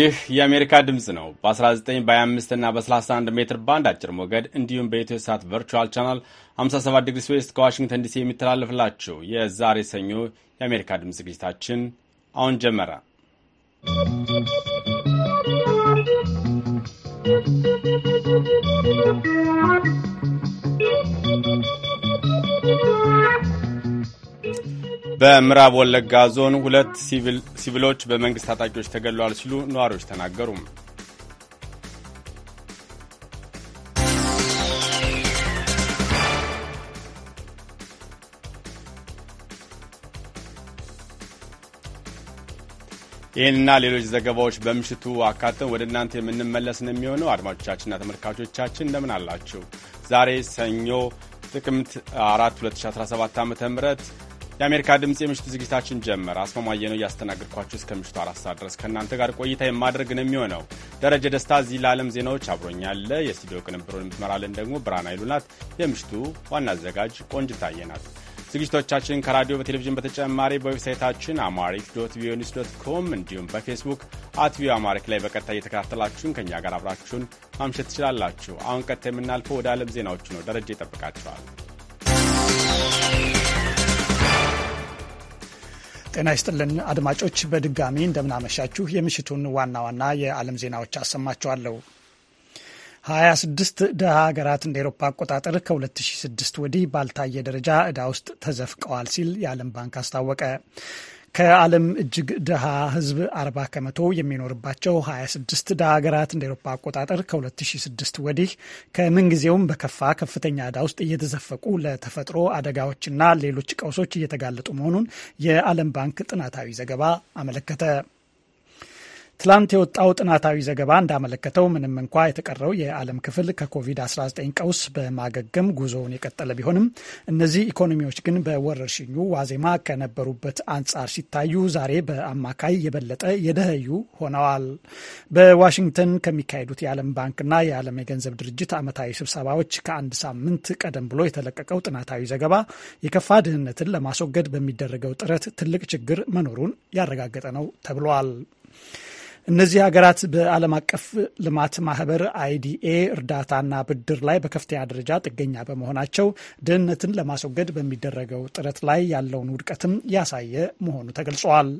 ይህ የአሜሪካ ድምፅ ነው። በ19 በ25 እና በ31 ሜትር ባንድ አጭር ሞገድ እንዲሁም በኢትዮ ሳት ቨርቹዋል ቻናል 57 ዲግሪ ስዌስት ከዋሽንግተን ዲሲ የሚተላለፍላችሁ የዛሬ ሰኞ የአሜሪካ ድምፅ ዝግጅታችን አሁን ጀመረ። ¶¶ በምዕራብ ወለጋ ዞን ሁለት ሲቪሎች በመንግስት ታጣቂዎች ተገድለዋል ሲሉ ነዋሪዎች ተናገሩ። ይህንና ሌሎች ዘገባዎች በምሽቱ አካተን ወደ እናንተ የምንመለስ ነው የሚሆነው። አድማጮቻችንና ተመልካቾቻችን እንደምን አላችሁ? ዛሬ ሰኞ ጥቅምት 4 2017 ዓ ም የአሜሪካ ድምፅ የምሽቱ ዝግጅታችን ጀመረ። አስማማየ ነው እያስተናግድኳችሁ እስከ ምሽቱ አራት ሰዓት ድረስ ከእናንተ ጋር ቆይታ የማድረግ ነው የሚሆነው። ደረጀ ደስታ እዚህ ለዓለም ዜናዎች አብሮኛለ። የስቱዲዮ ቅንብሮን የምትመራለን ደግሞ ብርሃን አይሉናት ናት። የምሽቱ ዋና አዘጋጅ ቆንጅታየ ናት። ዝግጅቶቻችን ከራዲዮ በቴሌቪዥን በተጨማሪ በዌብሳይታችን አማሪክ ዶት ቪኦኤ ኒውስ ዶት ኮም እንዲሁም በፌስቡክ አት ቪኦኤ አማሪክ ላይ በቀጥታ እየተከታተላችሁን ከእኛ ጋር አብራችሁን ማምሸት ትችላላችሁ። አሁን ቀጥታ የምናልፈው ወደ ዓለም ዜናዎች ነው። ደረጃ ይጠብቃቸዋል። ጤና ይስጥልን አድማጮች፣ በድጋሚ እንደምናመሻችሁ። የምሽቱን ዋና ዋና የዓለም ዜናዎች አሰማችኋለሁ። 26 ድሃ ሀገራት እንደ ኤሮፓ አቆጣጠር ከ2006 ወዲህ ባልታየ ደረጃ ዕዳ ውስጥ ተዘፍቀዋል ሲል የዓለም ባንክ አስታወቀ። ከዓለም እጅግ ድሃ ህዝብ 40 ከመቶ የሚኖርባቸው 26 ድሃ ሀገራት እንደ ኤሮፓ አቆጣጠር ከ2006 ወዲህ ከምንጊዜውም በከፋ ከፍተኛ ዕዳ ውስጥ እየተዘፈቁ ለተፈጥሮ አደጋዎችና ሌሎች ቀውሶች እየተጋለጡ መሆኑን የዓለም ባንክ ጥናታዊ ዘገባ አመለከተ። ትላንት የወጣው ጥናታዊ ዘገባ እንዳመለከተው ምንም እንኳ የተቀረው የዓለም ክፍል ከኮቪድ-19 ቀውስ በማገገም ጉዞውን የቀጠለ ቢሆንም እነዚህ ኢኮኖሚዎች ግን በወረርሽኙ ዋዜማ ከነበሩበት አንጻር ሲታዩ ዛሬ በአማካይ የበለጠ የደህዩ ሆነዋል። በዋሽንግተን ከሚካሄዱት የዓለም ባንክና የዓለም የገንዘብ ድርጅት ዓመታዊ ስብሰባዎች ከአንድ ሳምንት ቀደም ብሎ የተለቀቀው ጥናታዊ ዘገባ የከፋ ድህነትን ለማስወገድ በሚደረገው ጥረት ትልቅ ችግር መኖሩን ያረጋገጠ ነው ተብሏል። እነዚህ ሀገራት በዓለም አቀፍ ልማት ማህበር አይዲኤ እርዳታና ብድር ላይ በከፍተኛ ደረጃ ጥገኛ በመሆናቸው ድህነትን ለማስወገድ በሚደረገው ጥረት ላይ ያለውን ውድቀትም ያሳየ መሆኑ ተገልጿል።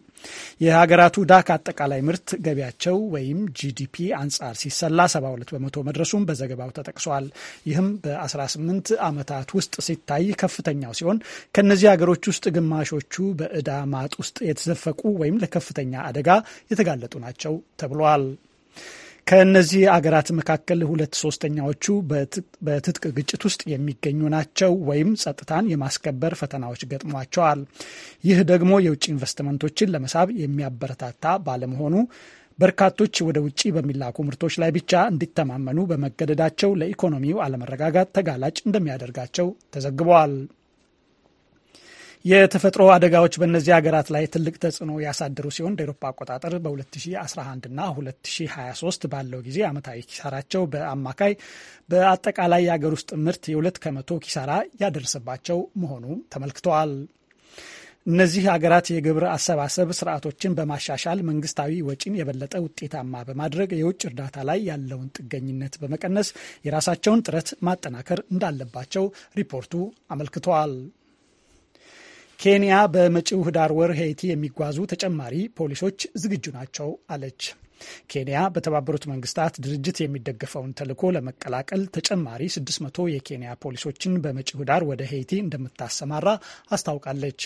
የሀገራቱ ዕዳ ከአጠቃላይ ምርት ገቢያቸው ወይም ጂዲፒ አንጻር ሲሰላ 72 በመቶ መድረሱም በዘገባው ተጠቅሷል። ይህም በ18 ዓመታት ውስጥ ሲታይ ከፍተኛው ሲሆን ከእነዚህ ሀገሮች ውስጥ ግማሾቹ በዕዳ ማጥ ውስጥ የተዘፈቁ ወይም ለከፍተኛ አደጋ የተጋለጡ ናቸው ናቸው ተብሏል። ከእነዚህ አገራት መካከል ሁለት ሶስተኛዎቹ በትጥቅ ግጭት ውስጥ የሚገኙ ናቸው ወይም ጸጥታን የማስከበር ፈተናዎች ገጥሟቸዋል። ይህ ደግሞ የውጭ ኢንቨስትመንቶችን ለመሳብ የሚያበረታታ ባለመሆኑ በርካቶች ወደ ውጭ በሚላኩ ምርቶች ላይ ብቻ እንዲተማመኑ በመገደዳቸው ለኢኮኖሚው አለመረጋጋት ተጋላጭ እንደሚያደርጋቸው ተዘግበዋል። የተፈጥሮ አደጋዎች በእነዚህ ሀገራት ላይ ትልቅ ተጽዕኖ ያሳደሩ ሲሆን እንደ ኤሮፓ አቆጣጠር በ2011 እና 2023 ባለው ጊዜ ዓመታዊ ኪሳራቸው በአማካይ በአጠቃላይ የሀገር ውስጥ ምርት የሁለት ከመቶ ኪሳራ ያደረሰባቸው መሆኑ ተመልክተዋል። እነዚህ ሀገራት የግብር አሰባሰብ ስርዓቶችን በማሻሻል መንግስታዊ ወጪን የበለጠ ውጤታማ በማድረግ የውጭ እርዳታ ላይ ያለውን ጥገኝነት በመቀነስ የራሳቸውን ጥረት ማጠናከር እንዳለባቸው ሪፖርቱ አመልክተዋል። ኬንያ በመጪው ህዳር ወር ሄይቲ የሚጓዙ ተጨማሪ ፖሊሶች ዝግጁ ናቸው አለች። ኬንያ በተባበሩት መንግስታት ድርጅት የሚደገፈውን ተልዕኮ ለመቀላቀል ተጨማሪ 600 የኬንያ ፖሊሶችን በመጪው ህዳር ወደ ሄይቲ እንደምታሰማራ አስታውቃለች።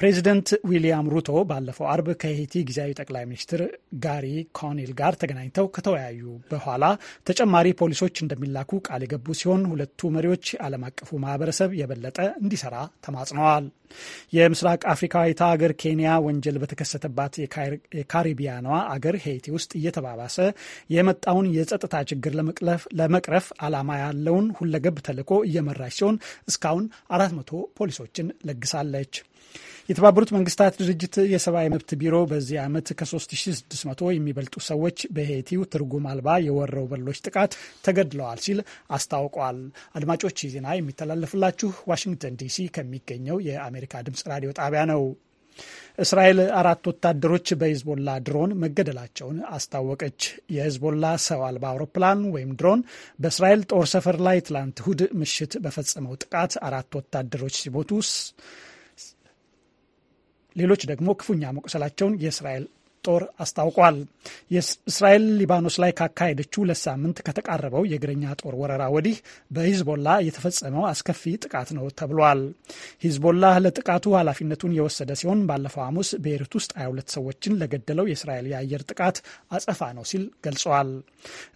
ፕሬዚደንት ዊሊያም ሩቶ ባለፈው አርብ ከሄቲ ጊዜያዊ ጠቅላይ ሚኒስትር ጋሪ ኮኒል ጋር ተገናኝተው ከተወያዩ በኋላ ተጨማሪ ፖሊሶች እንደሚላኩ ቃል የገቡ ሲሆን ሁለቱ መሪዎች ዓለም አቀፉ ማህበረሰብ የበለጠ እንዲሰራ ተማጽነዋል። የምስራቅ አፍሪካዊቷ አገር ኬንያ ወንጀል በተከሰተባት የካሪቢያኗ አገር ሄይቲ ውስጥ እየተባባሰ የመጣውን የጸጥታ ችግር ለመቅረፍ ዓላማ ያለውን ሁለገብ ተልዕኮ እየመራች ሲሆን እስካሁን አራት መቶ ፖሊሶችን ለግሳለች። የተባበሩት መንግስታት ድርጅት የሰብአዊ መብት ቢሮ በዚህ ዓመት ከ3600 የሚበልጡ ሰዎች በሄቲው ትርጉም አልባ የወረው በሎች ጥቃት ተገድለዋል ሲል አስታውቋል። አድማጮች ዜና የሚተላለፍላችሁ ዋሽንግተን ዲሲ ከሚገኘው የአሜሪካ ድምጽ ራዲዮ ጣቢያ ነው። እስራኤል አራት ወታደሮች በሂዝቦላ ድሮን መገደላቸውን አስታወቀች። የሂዝቦላ ሰው አልባ አውሮፕላን ወይም ድሮን በእስራኤል ጦር ሰፈር ላይ ትላንት እሁድ ምሽት በፈጸመው ጥቃት አራት ወታደሮች ሲሞቱ ሌሎች ደግሞ ክፉኛ መቁሰላቸውን የእስራኤል ጦር አስታውቋል። የእስራኤል ሊባኖስ ላይ ካካሄደችው ሁለት ሳምንት ከተቃረበው የእግረኛ ጦር ወረራ ወዲህ በሂዝቦላ የተፈጸመው አስከፊ ጥቃት ነው ተብሏል። ሂዝቦላ ለጥቃቱ ኃላፊነቱን የወሰደ ሲሆን ባለፈው ሐሙስ ቤይሩት ውስጥ 22 ሰዎችን ለገደለው የእስራኤል የአየር ጥቃት አጸፋ ነው ሲል ገልጿል።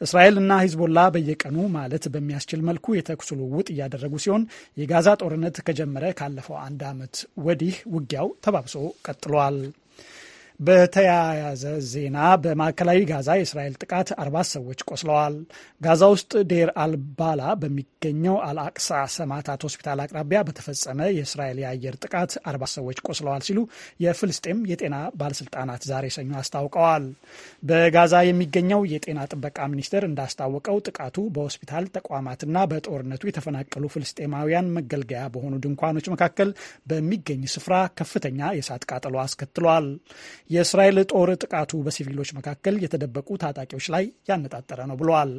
እስራኤል እና ሂዝቦላ በየቀኑ ማለት በሚያስችል መልኩ የተኩስ ልውውጥ እያደረጉ ሲሆን የጋዛ ጦርነት ከጀመረ ካለፈው አንድ ዓመት ወዲህ ውጊያው ተባብሶ ቀጥሏል። በተያያዘ ዜና በማዕከላዊ ጋዛ የእስራኤል ጥቃት አርባ ሰዎች ቆስለዋል። ጋዛ ውስጥ ዴር አልባላ በሚገኘው አልአቅሳ ሰማዕታት ሆስፒታል አቅራቢያ በተፈጸመ የእስራኤል የአየር ጥቃት አርባ ሰዎች ቆስለዋል ሲሉ የፍልስጤም የጤና ባለስልጣናት ዛሬ ሰኞ አስታውቀዋል። በጋዛ የሚገኘው የጤና ጥበቃ ሚኒስቴር እንዳስታወቀው ጥቃቱ በሆስፒታል ተቋማትና በጦርነቱ የተፈናቀሉ ፍልስጤማውያን መገልገያ በሆኑ ድንኳኖች መካከል በሚገኝ ስፍራ ከፍተኛ የእሳት ቃጠሎ አስከትሏል። የእስራኤል ጦር ጥቃቱ በሲቪሎች መካከል የተደበቁ ታጣቂዎች ላይ ያነጣጠረ ነው ብለዋል።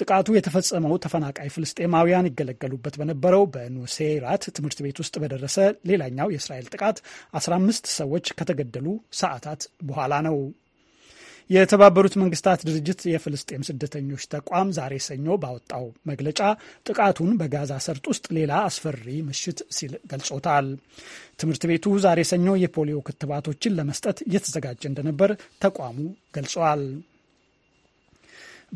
ጥቃቱ የተፈጸመው ተፈናቃይ ፍልስጤማውያን ይገለገሉበት በነበረው በኑሴራት ትምህርት ቤት ውስጥ በደረሰ ሌላኛው የእስራኤል ጥቃት 15 ሰዎች ከተገደሉ ሰዓታት በኋላ ነው። የተባበሩት መንግስታት ድርጅት የፍልስጤም ስደተኞች ተቋም ዛሬ ሰኞ ባወጣው መግለጫ ጥቃቱን በጋዛ ሰርጥ ውስጥ ሌላ አስፈሪ ምሽት ሲል ገልጾታል። ትምህርት ቤቱ ዛሬ ሰኞ የፖሊዮ ክትባቶችን ለመስጠት እየተዘጋጀ እንደነበር ተቋሙ ገልጿል።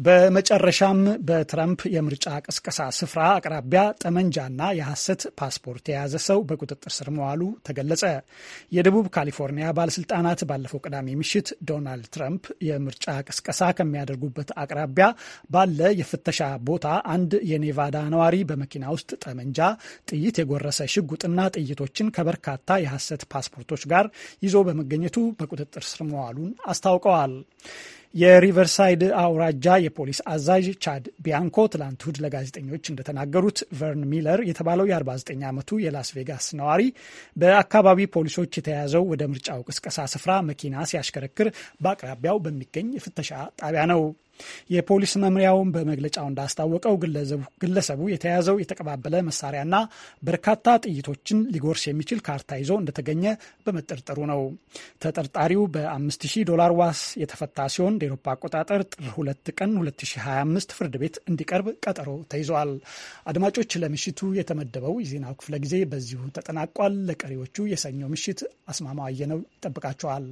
በመጨረሻም በትራምፕ የምርጫ ቅስቀሳ ስፍራ አቅራቢያ ጠመንጃና የሐሰት ፓስፖርት የያዘ ሰው በቁጥጥር ስር መዋሉ ተገለጸ። የደቡብ ካሊፎርኒያ ባለስልጣናት ባለፈው ቅዳሜ ምሽት ዶናልድ ትራምፕ የምርጫ ቅስቀሳ ከሚያደርጉበት አቅራቢያ ባለ የፍተሻ ቦታ አንድ የኔቫዳ ነዋሪ በመኪና ውስጥ ጠመንጃ፣ ጥይት የጎረሰ ሽጉጥና ጥይቶችን ከበርካታ የሐሰት ፓስፖርቶች ጋር ይዞ በመገኘቱ በቁጥጥር ስር መዋሉን አስታውቀዋል። የሪቨርሳይድ አውራጃ የፖሊስ አዛዥ ቻድ ቢያንኮ ትላንት እሁድ ለጋዜጠኞች እንደተናገሩት ቨርን ሚለር የተባለው የ49 ዓመቱ የላስ ቬጋስ ነዋሪ በአካባቢ ፖሊሶች የተያዘው ወደ ምርጫው ቅስቀሳ ስፍራ መኪና ሲያሽከረክር በአቅራቢያው በሚገኝ የፍተሻ ጣቢያ ነው። የፖሊስ መምሪያውን በመግለጫው እንዳስታወቀው ግለሰቡ የተያዘው የተቀባበለ መሳሪያና በርካታ ጥይቶችን ሊጎርስ የሚችል ካርታ ይዞ እንደተገኘ በመጠርጠሩ ነው። ተጠርጣሪው በ5000 ዶላር ዋስ የተፈታ ሲሆን እንደ ኤሮፓ አቆጣጠር ጥር 2 ቀን 2025 ፍርድ ቤት እንዲቀርብ ቀጠሮ ተይዟል። አድማጮች፣ ለምሽቱ የተመደበው የዜናው ክፍለ ጊዜ በዚሁ ተጠናቋል። ለቀሪዎቹ የሰኞ ምሽት አስማማው አየነው ይጠብቃቸዋል።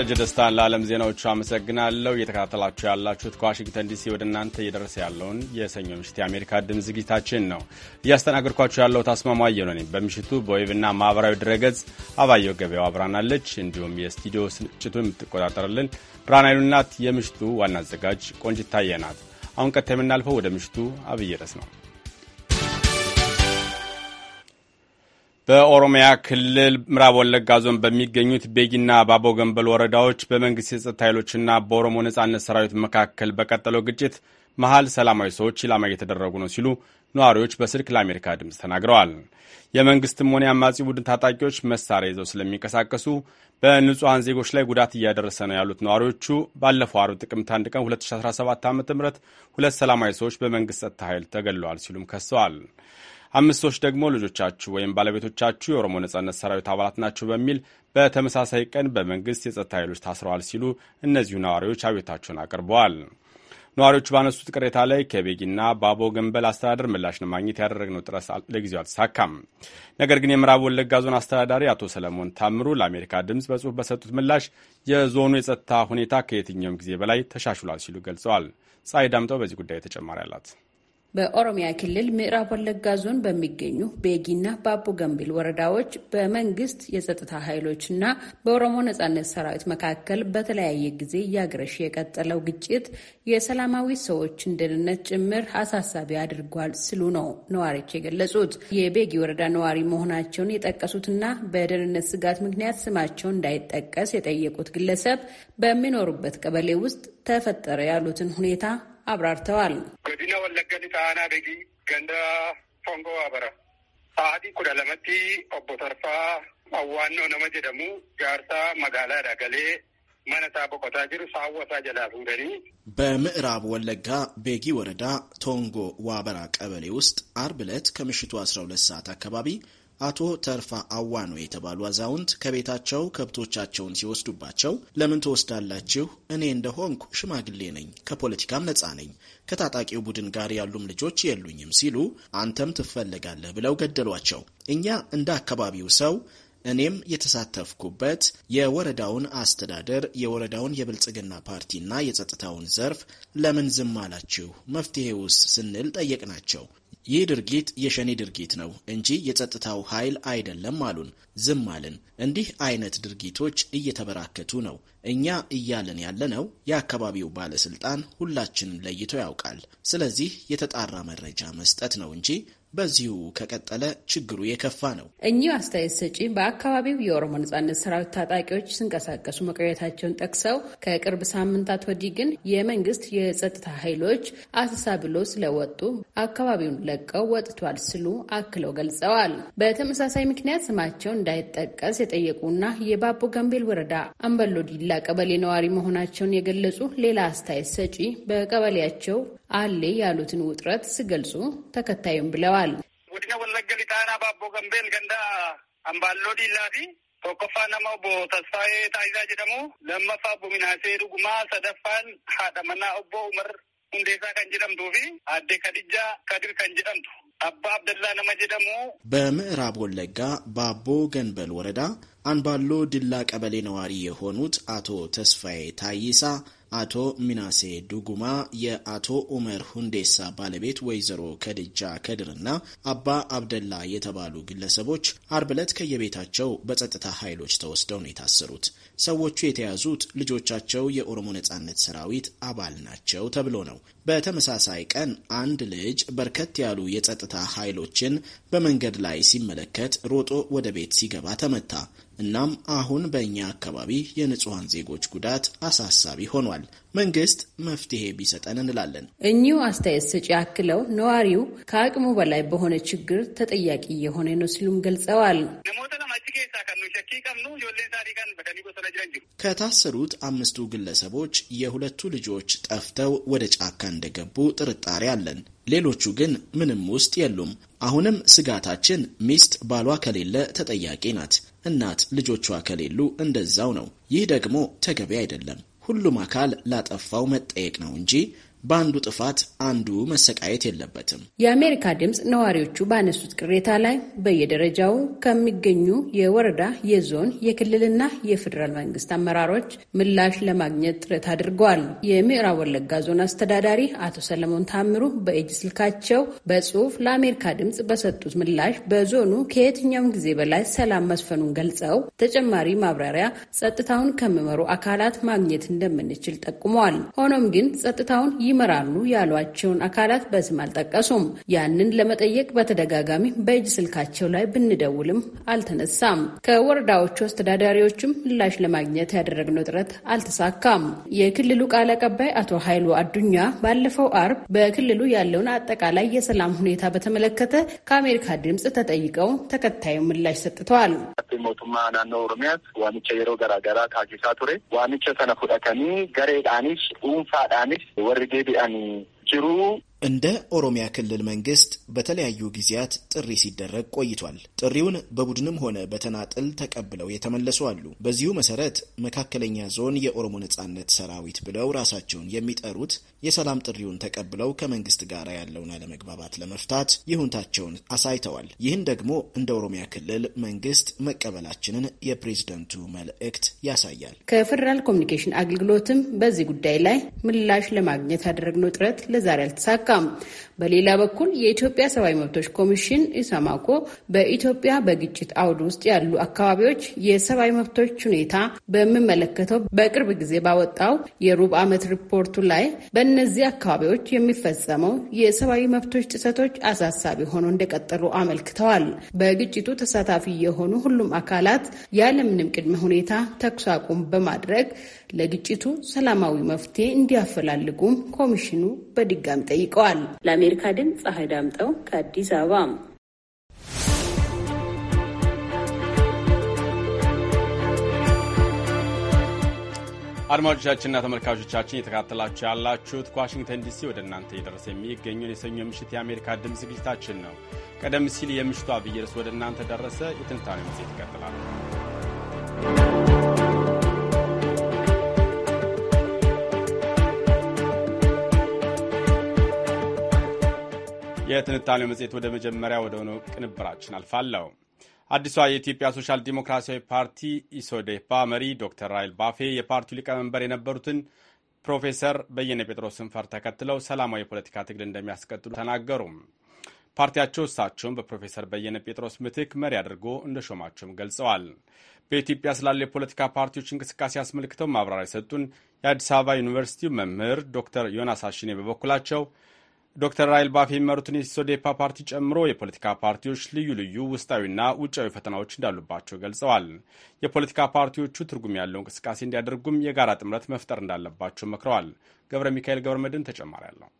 ደረጀ ደስታን ለዓለም ዜናዎቹ አመሰግናለሁ። እየተከታተላችሁ ያላችሁት ከዋሽንግተን ዲሲ ወደ እናንተ እየደረሰ ያለውን የሰኞ ምሽት የአሜሪካ ድምፅ ዝግጅታችን ነው። እያስተናገድኳችሁ ያለው ታስማማ አየኖ በምሽቱ በዌብና ማኅበራዊ ድረገጽ አባየው ገበያው አብራናለች። እንዲሁም የስቱዲዮ ስርጭቱን የምትቆጣጠርልን ብርሃን ኃይሉናት። የምሽቱ ዋና አዘጋጅ ቆንጅት ታየ አሁን ቀጥታ የምናልፈው ወደ ምሽቱ አብይ ርዕስ ነው። በኦሮሚያ ክልል ምዕራብ ወለጋ ዞን በሚገኙት ቤጊና ባቦ ገንበል ወረዳዎች በመንግስት የጸጥታ ኃይሎችና በኦሮሞ ነጻነት ሰራዊት መካከል በቀጠለው ግጭት መሀል ሰላማዊ ሰዎች ኢላማ እየተደረጉ ነው ሲሉ ነዋሪዎች በስልክ ለአሜሪካ ድምፅ ተናግረዋል። የመንግስትም ሆነ የአማጺ ቡድን ታጣቂዎች መሳሪያ ይዘው ስለሚንቀሳቀሱ በንጹሐን ዜጎች ላይ ጉዳት እያደረሰ ነው ያሉት ነዋሪዎቹ ባለፈው አርብ ጥቅምት አንድ ቀን 2017 ዓ ም ሁለት ሰላማዊ ሰዎች በመንግስት ጸጥታ ኃይል ተገለዋል ሲሉም ከሰዋል። አምስቶች ደግሞ ልጆቻችሁ ወይም ባለቤቶቻችሁ የኦሮሞ ነጻነት ሰራዊት አባላት ናቸው በሚል በተመሳሳይ ቀን በመንግስት የጸጥታ ኃይሎች ታስረዋል ሲሉ እነዚሁ ነዋሪዎች አቤታቸውን አቅርበዋል። ነዋሪዎቹ ባነሱት ቅሬታ ላይ ከቤጊና ባቦ ገንበል አስተዳደር ምላሽ ለማግኘት ያደረግነው ጥረት ለጊዜው አልተሳካም። ነገር ግን የምዕራብ ወለጋ ዞን አስተዳዳሪ አቶ ሰለሞን ታምሩ ለአሜሪካ ድምፅ በጽሁፍ በሰጡት ምላሽ የዞኑ የጸጥታ ሁኔታ ከየትኛውም ጊዜ በላይ ተሻሽሏል ሲሉ ገልጸዋል። ፀሐይ ዳምጠው በዚህ ጉዳይ ተጨማሪ አላት። በኦሮሚያ ክልል ምዕራብ ወለጋ ዞን በሚገኙ ቤጊና በአቦ ገንቢል ወረዳዎች በመንግስት የጸጥታ ኃይሎችና በኦሮሞ ነጻነት ሰራዊት መካከል በተለያየ ጊዜ እያገረሽ የቀጠለው ግጭት የሰላማዊ ሰዎችን ደህንነት ጭምር አሳሳቢ አድርጓል ሲሉ ነው ነዋሪዎች የገለጹት። የቤጊ ወረዳ ነዋሪ መሆናቸውን የጠቀሱትና በደህንነት ስጋት ምክንያት ስማቸው እንዳይጠቀስ የጠየቁት ግለሰብ በሚኖሩበት ቀበሌ ውስጥ ተፈጠረ ያሉትን ሁኔታ አብራርተዋል። ጎዲና ወለገን ታና ቤጊ ገንደ ፎንጎ አበረ ሰዓቲ ኩዳለመቲ ኦቦ ተርፋ አዋኖ ነመ ጀደሙ ጃርሳ መጋላ ዳገሌ መነታ በቆታ ጅሩ ሳወሳ ጀላ ፉደኒ በምዕራብ ወለጋ ቤጊ ወረዳ ቶንጎ ዋበራ ቀበሌ ውስጥ አርብ ዕለት ከምሽቱ 12 ሰዓት አካባቢ አቶ ተርፋ አዋኖ የተባሉ አዛውንት ከቤታቸው ከብቶቻቸውን ሲወስዱባቸው ለምን ትወስዳላችሁ? እኔ እንደሆንኩ ሽማግሌ ነኝ፣ ከፖለቲካም ነጻ ነኝ፣ ከታጣቂው ቡድን ጋር ያሉም ልጆች የሉኝም ሲሉ አንተም ትፈለጋለህ ብለው ገደሏቸው። እኛ እንደ አካባቢው ሰው እኔም የተሳተፍኩበት የወረዳውን አስተዳደር የወረዳውን የብልጽግና ፓርቲና የጸጥታውን ዘርፍ ለምን ዝም አላችሁ? መፍትሄ ውስጥ ስንል ጠየቅናቸው። ይህ ድርጊት የሸኔ ድርጊት ነው እንጂ የጸጥታው ኃይል አይደለም አሉን። ዝም አልን። እንዲህ አይነት ድርጊቶች እየተበራከቱ ነው። እኛ እያለን ያለነው የአካባቢው ባለስልጣን ሁላችንን ለይቶ ያውቃል። ስለዚህ የተጣራ መረጃ መስጠት ነው እንጂ በዚሁ ከቀጠለ ችግሩ የከፋ ነው። እኚሁ አስተያየት ሰጪ በአካባቢው የኦሮሞ ነጻነት ሰራዊት ታጣቂዎች ሲንቀሳቀሱ መቆየታቸውን ጠቅሰው ከቅርብ ሳምንታት ወዲህ ግን የመንግስት የጸጥታ ኃይሎች አሰሳ ብሎ ስለወጡ አካባቢውን ለቀው ወጥቷል ሲሉ አክለው ገልጸዋል። በተመሳሳይ ምክንያት ስማቸው እንዳይጠቀስ የጠየቁና የባቦ ገንቤል ወረዳ አምበሎ ዲላ ቀበሌ ነዋሪ መሆናቸውን የገለጹ ሌላ አስተያየት ሰጪ በቀበሌያቸው አሌ ያሉትን ውጥረት ሲገልጹ ተከታዩም ብለዋል። ቶኮፋ ነማ ቦ ተስፋዬ ታይዛ ጀደሙ ለመፋ ቡሚናሴ ዱጉማ ሰደፋን ሀደመና ኦቦ ኡመር ሁንዴሳ ከን ጀደምቱ ፊ አዴ ከድጃ ከድር ከን ጀደምቱ አባ አብደላ ጀደሙ በምዕራብ ወለጋ በአቦ ገንበል ወረዳ አንባሎ ድላ ቀበሌ ነዋሪ የሆኑት አቶ ተስፋዬ ታይሳ አቶ ሚናሴ ዱጉማ የአቶ ኡመር ሁንዴሳ ባለቤት ወይዘሮ ከድጃ ከድርና አባ አብደላ የተባሉ ግለሰቦች አርብ ዕለት ከየቤታቸው በጸጥታ ኃይሎች ተወስደው ነው የታሰሩት። ሰዎቹ የተያዙት ልጆቻቸው የኦሮሞ ነጻነት ሰራዊት አባል ናቸው ተብሎ ነው። በተመሳሳይ ቀን አንድ ልጅ በርከት ያሉ የጸጥታ ኃይሎችን በመንገድ ላይ ሲመለከት ሮጦ ወደ ቤት ሲገባ ተመታ። እናም አሁን በእኛ አካባቢ የንጹሐን ዜጎች ጉዳት አሳሳቢ ሆኗል። መንግስት መፍትሄ ቢሰጠን እንላለን። እኚሁ አስተያየት ሰጪ ያክለው ነዋሪው ከአቅሙ በላይ በሆነ ችግር ተጠያቂ የሆነ ነው ሲሉም ገልጸዋል። ከታሰሩት አምስቱ ግለሰቦች የሁለቱ ልጆች ጠፍተው ወደ ጫካ እንደገቡ ጥርጣሬ አለን። ሌሎቹ ግን ምንም ውስጥ የሉም። አሁንም ስጋታችን ሚስት ባሏ ከሌለ ተጠያቂ ናት፣ እናት ልጆቿ ከሌሉ እንደዛው ነው። ይህ ደግሞ ተገቢ አይደለም። ሁሉም አካል ላጠፋው መጠየቅ ነው እንጂ በአንዱ ጥፋት አንዱ መሰቃየት የለበትም። የአሜሪካ ድምፅ ነዋሪዎቹ ባነሱት ቅሬታ ላይ በየደረጃው ከሚገኙ የወረዳ፣ የዞን፣ የክልልና የፌዴራል መንግስት አመራሮች ምላሽ ለማግኘት ጥረት አድርገዋል። የምዕራብ ወለጋ ዞን አስተዳዳሪ አቶ ሰለሞን ታምሩ በእጅ ስልካቸው በጽሁፍ ለአሜሪካ ድምፅ በሰጡት ምላሽ በዞኑ ከየትኛውም ጊዜ በላይ ሰላም መስፈኑን ገልጸው ተጨማሪ ማብራሪያ ጸጥታውን ከሚመሩ አካላት ማግኘት እንደምንችል ጠቁመዋል። ሆኖም ግን ጸጥታውን ይመራሉ ያሏቸውን አካላት በስም አልጠቀሱም። ያንን ለመጠየቅ በተደጋጋሚ በእጅ ስልካቸው ላይ ብንደውልም አልተነሳም። ከወረዳዎቹ አስተዳዳሪዎችም ምላሽ ለማግኘት ያደረግነው ጥረት አልተሳካም። የክልሉ ቃል አቀባይ አቶ ኃይሉ አዱኛ ባለፈው አርብ በክልሉ ያለውን አጠቃላይ የሰላም ሁኔታ በተመለከተ ከአሜሪካ ድምፅ ተጠይቀው ተከታዩ ምላሽ ሰጥተዋል። ሞቱማ ናኖ ኦሮሚያስ ዋንቸ የሮ ገራገራ ካኪሳ ቱሬ ዋንቸ ሰነ ገሬ ዳኒሽ ኡንፋ ዳኒሽ ጅሩ እንደ ኦሮሚያ ክልል መንግስት በተለያዩ ጊዜያት ጥሪ ሲደረግ ቆይቷል። ጥሪውን በቡድንም ሆነ በተናጥል ተቀብለው የተመለሱ አሉ። በዚሁ መሰረት መካከለኛ ዞን የኦሮሞ ነጻነት ሰራዊት ብለው ራሳቸውን የሚጠሩት የሰላም ጥሪውን ተቀብለው ከመንግስት ጋር ያለውን አለመግባባት ለመፍታት ይሁንታቸውን አሳይተዋል። ይህን ደግሞ እንደ ኦሮሚያ ክልል መንግስት መቀበላችንን የፕሬዝደንቱ መልእክት ያሳያል። ከፌዴራል ኮሚኒኬሽን አገልግሎትም በዚህ ጉዳይ ላይ ምላሽ ለማግኘት ያደረግነው ጥረት ለዛሬ አልተሳካም። በሌላ በኩል የኢትዮጵያ ሰብአዊ መብቶች ኮሚሽን ኢሰማኮ በኢትዮጵያ በግጭት አውድ ውስጥ ያሉ አካባቢዎች የሰብአዊ መብቶች ሁኔታ በሚመለከተው በቅርብ ጊዜ ባወጣው የሩብ ዓመት ሪፖርቱ ላይ በእነዚህ አካባቢዎች የሚፈጸመው የሰብአዊ መብቶች ጥሰቶች አሳሳቢ ሆኖ እንደቀጠሉ አመልክተዋል። በግጭቱ ተሳታፊ የሆኑ ሁሉም አካላት ያለምንም ቅድመ ሁኔታ ተኩስ አቁም በማድረግ ለግጭቱ ሰላማዊ መፍትሄ እንዲያፈላልጉም ኮሚሽኑ በድጋም ጠይቀዋል። ለአሜሪካ ድምፅ ፀሐይ ዳምጠው ከአዲስ አበባ። አድማጮቻችንና ተመልካቾቻችን የተካተላችሁ ያላችሁት ከዋሽንግተን ዲሲ ወደ እናንተ እየደረሰ የሚገኘውን የሰኞ ምሽት የአሜሪካ ድምፅ ዝግጅታችን ነው። ቀደም ሲል የምሽቱ አብይ ርዕስ ወደ እናንተ ደረሰ። የትንታኔ መጽሔት ይቀጥላል። የትንታኔው መጽሔት ወደ መጀመሪያ ወደ ሆነው ቅንብራችን አልፋለሁ። አዲሷ የኢትዮጵያ ሶሻል ዲሞክራሲያዊ ፓርቲ ኢሶዴፓ መሪ ዶክተር ራይል ባፌ የፓርቲው ሊቀመንበር የነበሩትን ፕሮፌሰር በየነ ጴጥሮስን ፈር ተከትለው ሰላማዊ የፖለቲካ ትግል እንደሚያስቀጥሉ ተናገሩ። ፓርቲያቸው እሳቸውም በፕሮፌሰር በየነ ጴጥሮስ ምትክ መሪ አድርጎ እንደሾማቸውም ገልጸዋል። በኢትዮጵያ ስላሉ የፖለቲካ ፓርቲዎች እንቅስቃሴ አስመልክተው ማብራሪያ የሰጡን የአዲስ አበባ ዩኒቨርሲቲው መምህር ዶክተር ዮናስ አሽኔ በበኩላቸው ዶክተር ራይል ባፌ የሚመሩትን የሶዴፓ ፓርቲ ጨምሮ የፖለቲካ ፓርቲዎች ልዩ ልዩ ውስጣዊና ውጫዊ ፈተናዎች እንዳሉባቸው ገልጸዋል። የፖለቲካ ፓርቲዎቹ ትርጉም ያለው እንቅስቃሴ እንዲያደርጉም የጋራ ጥምረት መፍጠር እንዳለባቸው መክረዋል። ገብረ ሚካኤል ገብረ መድን ተጨማሪ ያለው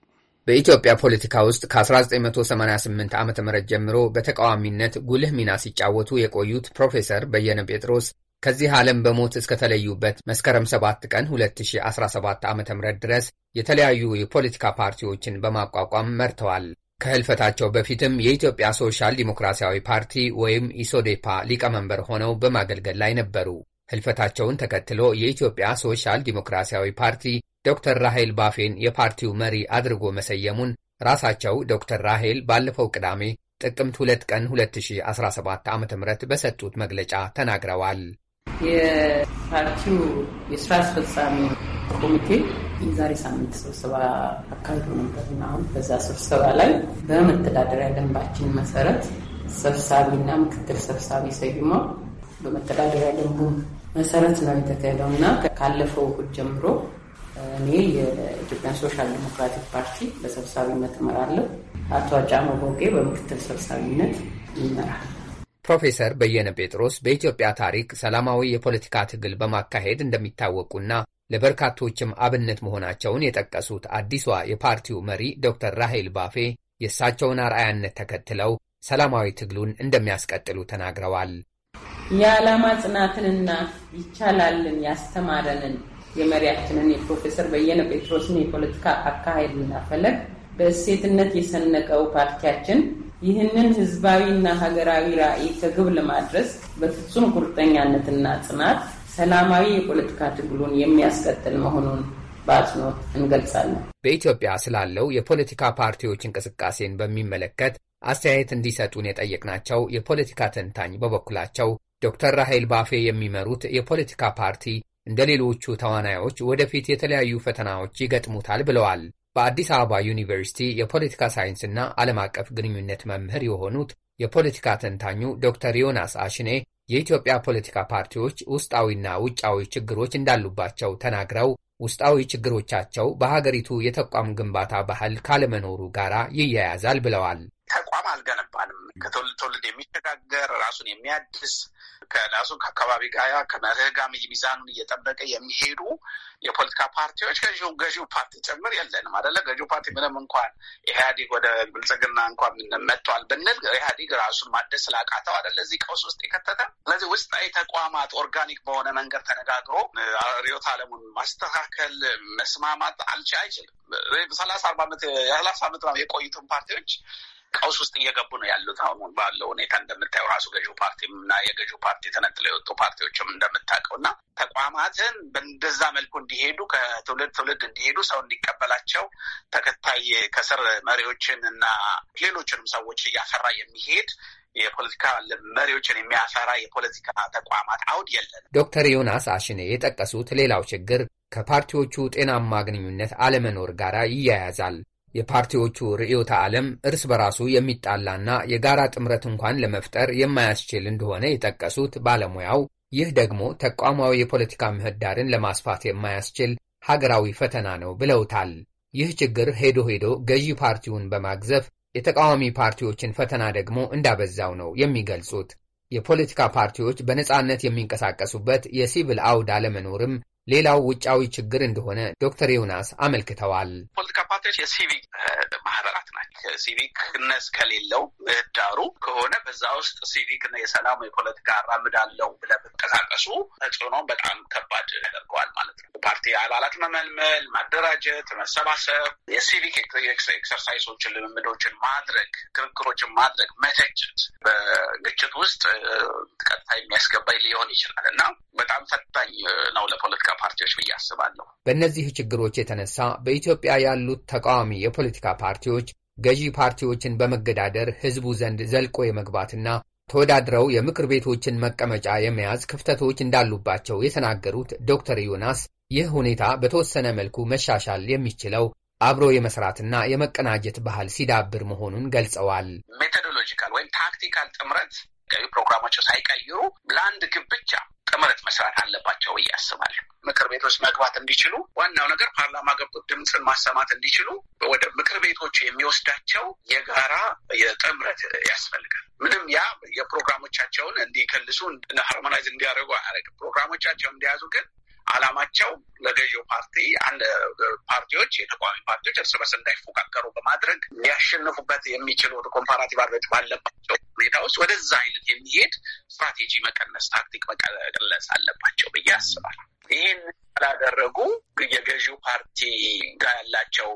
በኢትዮጵያ ፖለቲካ ውስጥ ከ1988 ዓ ም ጀምሮ በተቃዋሚነት ጉልህ ሚና ሲጫወቱ የቆዩት ፕሮፌሰር በየነ ጴጥሮስ ከዚህ ዓለም በሞት እስከተለዩበት መስከረም 7 ቀን 2017 ዓ ም ድረስ የተለያዩ የፖለቲካ ፓርቲዎችን በማቋቋም መርተዋል። ከህልፈታቸው በፊትም የኢትዮጵያ ሶሻል ዲሞክራሲያዊ ፓርቲ ወይም ኢሶዴፓ ሊቀመንበር ሆነው በማገልገል ላይ ነበሩ። ህልፈታቸውን ተከትሎ የኢትዮጵያ ሶሻል ዲሞክራሲያዊ ፓርቲ ዶክተር ራሄል ባፌን የፓርቲው መሪ አድርጎ መሰየሙን ራሳቸው ዶክተር ራሄል ባለፈው ቅዳሜ ጥቅምት 2 ቀን 2017 ዓ ም በሰጡት መግለጫ ተናግረዋል። የፓርቲው የስራ አስፈጻሚ ኮሚቴ የዛሬ ሳምንት ስብሰባ አካሂዶ ነበርና አሁን በዛ ስብሰባ ላይ በመተዳደሪያ ደንባችን መሰረት ሰብሳቢና ምክትል ሰብሳቢ ሰይሞ በመተዳደሪያ ደንቡ መሰረት ነው የተካሄደው እና ካለፈው እሑድ ጀምሮ እኔ የኢትዮጵያን ሶሻል ዲሞክራቲክ ፓርቲ በሰብሳቢነት እመራለሁ። አቶ አጫሞ ቦጌ በምክትል ሰብሳቢነት ይመራል። ፕሮፌሰር በየነ ጴጥሮስ በኢትዮጵያ ታሪክ ሰላማዊ የፖለቲካ ትግል በማካሄድ እንደሚታወቁና ለበርካቶችም አብነት መሆናቸውን የጠቀሱት አዲሷ የፓርቲው መሪ ዶክተር ራሄል ባፌ የእሳቸውን አርአያነት ተከትለው ሰላማዊ ትግሉን እንደሚያስቀጥሉ ተናግረዋል። የዓላማ ጽናትንና ይቻላልን ያስተማረንን የመሪያችንን የፕሮፌሰር በየነ ጴጥሮስን የፖለቲካ አካሄድና ፈለግ በእሴትነት የሰነቀው ፓርቲያችን ይህንን ህዝባዊና ሀገራዊ ራዕይ ከግብ ለማድረስ በፍጹም ቁርጠኛነትና ጽናት ሰላማዊ የፖለቲካ ትግሉን የሚያስቀጥል መሆኑን በአጽንኦት እንገልጻለን። በኢትዮጵያ ስላለው የፖለቲካ ፓርቲዎች እንቅስቃሴን በሚመለከት አስተያየት እንዲሰጡን የጠየቅናቸው የፖለቲካ ተንታኝ በበኩላቸው ዶክተር ራሄል ባፌ የሚመሩት የፖለቲካ ፓርቲ እንደ ሌሎቹ ተዋናዮች ወደፊት የተለያዩ ፈተናዎች ይገጥሙታል ብለዋል። በአዲስ አበባ ዩኒቨርሲቲ የፖለቲካ ሳይንስና ዓለም አቀፍ ግንኙነት መምህር የሆኑት የፖለቲካ ተንታኙ ዶክተር ዮናስ አሽኔ የኢትዮጵያ ፖለቲካ ፓርቲዎች ውስጣዊና ውጫዊ ችግሮች እንዳሉባቸው ተናግረው ውስጣዊ ችግሮቻቸው በሀገሪቱ የተቋም ግንባታ ባህል ካለመኖሩ ጋር ይያያዛል ብለዋል። ተቋም አልገነባንም። ከትውልድ ትውልድ የሚሸጋገር ራሱን የሚያድስ ከራሱ ከአካባቢ ጋር ከመርህ ጋር ሚዛኑን እየጠበቀ የሚሄዱ የፖለቲካ ፓርቲዎች ገዢው ፓርቲ ጭምር የለንም አደለ። ገዢው ፓርቲ ምንም እንኳን ኢህአዲግ ወደ ብልጽግና እንኳን መጥቷል ብንል ኢህአዲግ ራሱን ማደስ ስላቃተው አደለ እዚህ ቀውስ ውስጥ የከተተ። ስለዚህ ውስጣዊ ተቋማት ኦርጋኒክ በሆነ መንገድ ተነጋግሮ ርዕዮተ ዓለሙን ማስተካከል መስማማት አልቻ አይችልም። ሰላሳ አርባ ዓመት የቆዩትን ፓርቲዎች ቀውስ ውስጥ እየገቡ ነው ያሉት። አሁን ባለው ሁኔታ እንደምታየው ራሱ ገዢው ፓርቲም እና የገዢው ፓርቲ ተነጥለው የወጡ ፓርቲዎችም እንደምታውቀው እና ተቋማትን በእንደዛ መልኩ እንዲሄዱ ከትውልድ ትውልድ እንዲሄዱ ሰው እንዲቀበላቸው ተከታይ ከስር መሪዎችን እና ሌሎችንም ሰዎች እያፈራ የሚሄድ የፖለቲካ መሪዎችን የሚያፈራ የፖለቲካ ተቋማት አውድ የለን። ዶክተር ዮናስ አሽኔ የጠቀሱት ሌላው ችግር ከፓርቲዎቹ ጤናማ ግንኙነት አለመኖር ጋር ይያያዛል። የፓርቲዎቹ ርዕዮተ ዓለም እርስ በራሱ የሚጣላና የጋራ ጥምረት እንኳን ለመፍጠር የማያስችል እንደሆነ የጠቀሱት ባለሙያው ይህ ደግሞ ተቋማዊ የፖለቲካ ምህዳርን ለማስፋት የማያስችል ሀገራዊ ፈተና ነው ብለውታል። ይህ ችግር ሄዶ ሄዶ ገዢ ፓርቲውን በማግዘፍ የተቃዋሚ ፓርቲዎችን ፈተና ደግሞ እንዳበዛው ነው የሚገልጹት። የፖለቲካ ፓርቲዎች በነጻነት የሚንቀሳቀሱበት የሲቪል አውድ አለመኖርም ሌላው ውጫዊ ችግር እንደሆነ ዶክተር ዮናስ አመልክተዋል። ፖለቲካ ድርጅቶች የሲቪክ ማህበራት ናቸው። ሲቪክነስ ከሌለው ምህዳሩ ከሆነ በዛ ውስጥ ሲቪክና የሰላም የፖለቲካ አራምድ አለው ብለህ ብትንቀሳቀሱ ተጽዕኖ በጣም ከባድ ያደርገዋል ማለት ነው። ፓርቲ አባላት መመልመል፣ ማደራጀት፣ መሰባሰብ፣ የሲቪክ ኤክሰርሳይሶችን ልምምዶችን ማድረግ፣ ክርክሮችን ማድረግ፣ መተችት በግጭት ውስጥ ቀጥታ የሚያስገባ ሊሆን ይችላል እና በጣም ፈታኝ ነው ለፖለቲካ ፓርቲዎች ብዬ አስባለሁ። በእነዚህ ችግሮች የተነሳ በኢትዮጵያ ያሉት ተቃዋሚ የፖለቲካ ፓርቲዎች ገዢ ፓርቲዎችን በመገዳደር ህዝቡ ዘንድ ዘልቆ የመግባትና ተወዳድረው የምክር ቤቶችን መቀመጫ የመያዝ ክፍተቶች እንዳሉባቸው የተናገሩት ዶክተር ዮናስ ይህ ሁኔታ በተወሰነ መልኩ መሻሻል የሚችለው አብሮ የመስራትና የመቀናጀት ባህል ሲዳብር መሆኑን ገልጸዋል። ሜቶዶሎጂካል ወይም ታክቲካል ጥምረት ህጋዊ ፕሮግራማቸው ሳይቀይሩ ለአንድ ግብ ብቻ ጥምረት መስራት አለባቸው ብዬ አስባለሁ። ምክር ቤቶች መግባት እንዲችሉ ዋናው ነገር ፓርላማ ገብቶ ድምፅን ማሰማት እንዲችሉ ወደ ምክር ቤቶቹ የሚወስዳቸው የጋራ የጥምረት ያስፈልጋል። ምንም ያ የፕሮግራሞቻቸውን እንዲከልሱ ሃርሞናይዝ እንዲያደርጉ አያደርግም። ፕሮግራሞቻቸውን እንዲያዙ ግን አላማቸው ለገዢው ፓርቲ አንድ ፓርቲዎች የተቃዋሚ ፓርቲዎች እርስ በርስ እንዳይፎካከሩ በማድረግ ሊያሸንፉበት የሚችሉ ኮምፓራቲቭ አድሬጅ ባለባቸው ሁኔታ ውስጥ ወደዛ አይነት የሚሄድ ስትራቴጂ መቀነስ፣ ታክቲክ መቀለስ አለባቸው ብዬ አስባል። ይህን ካላደረጉ የገዢው ፓርቲ ጋር ያላቸው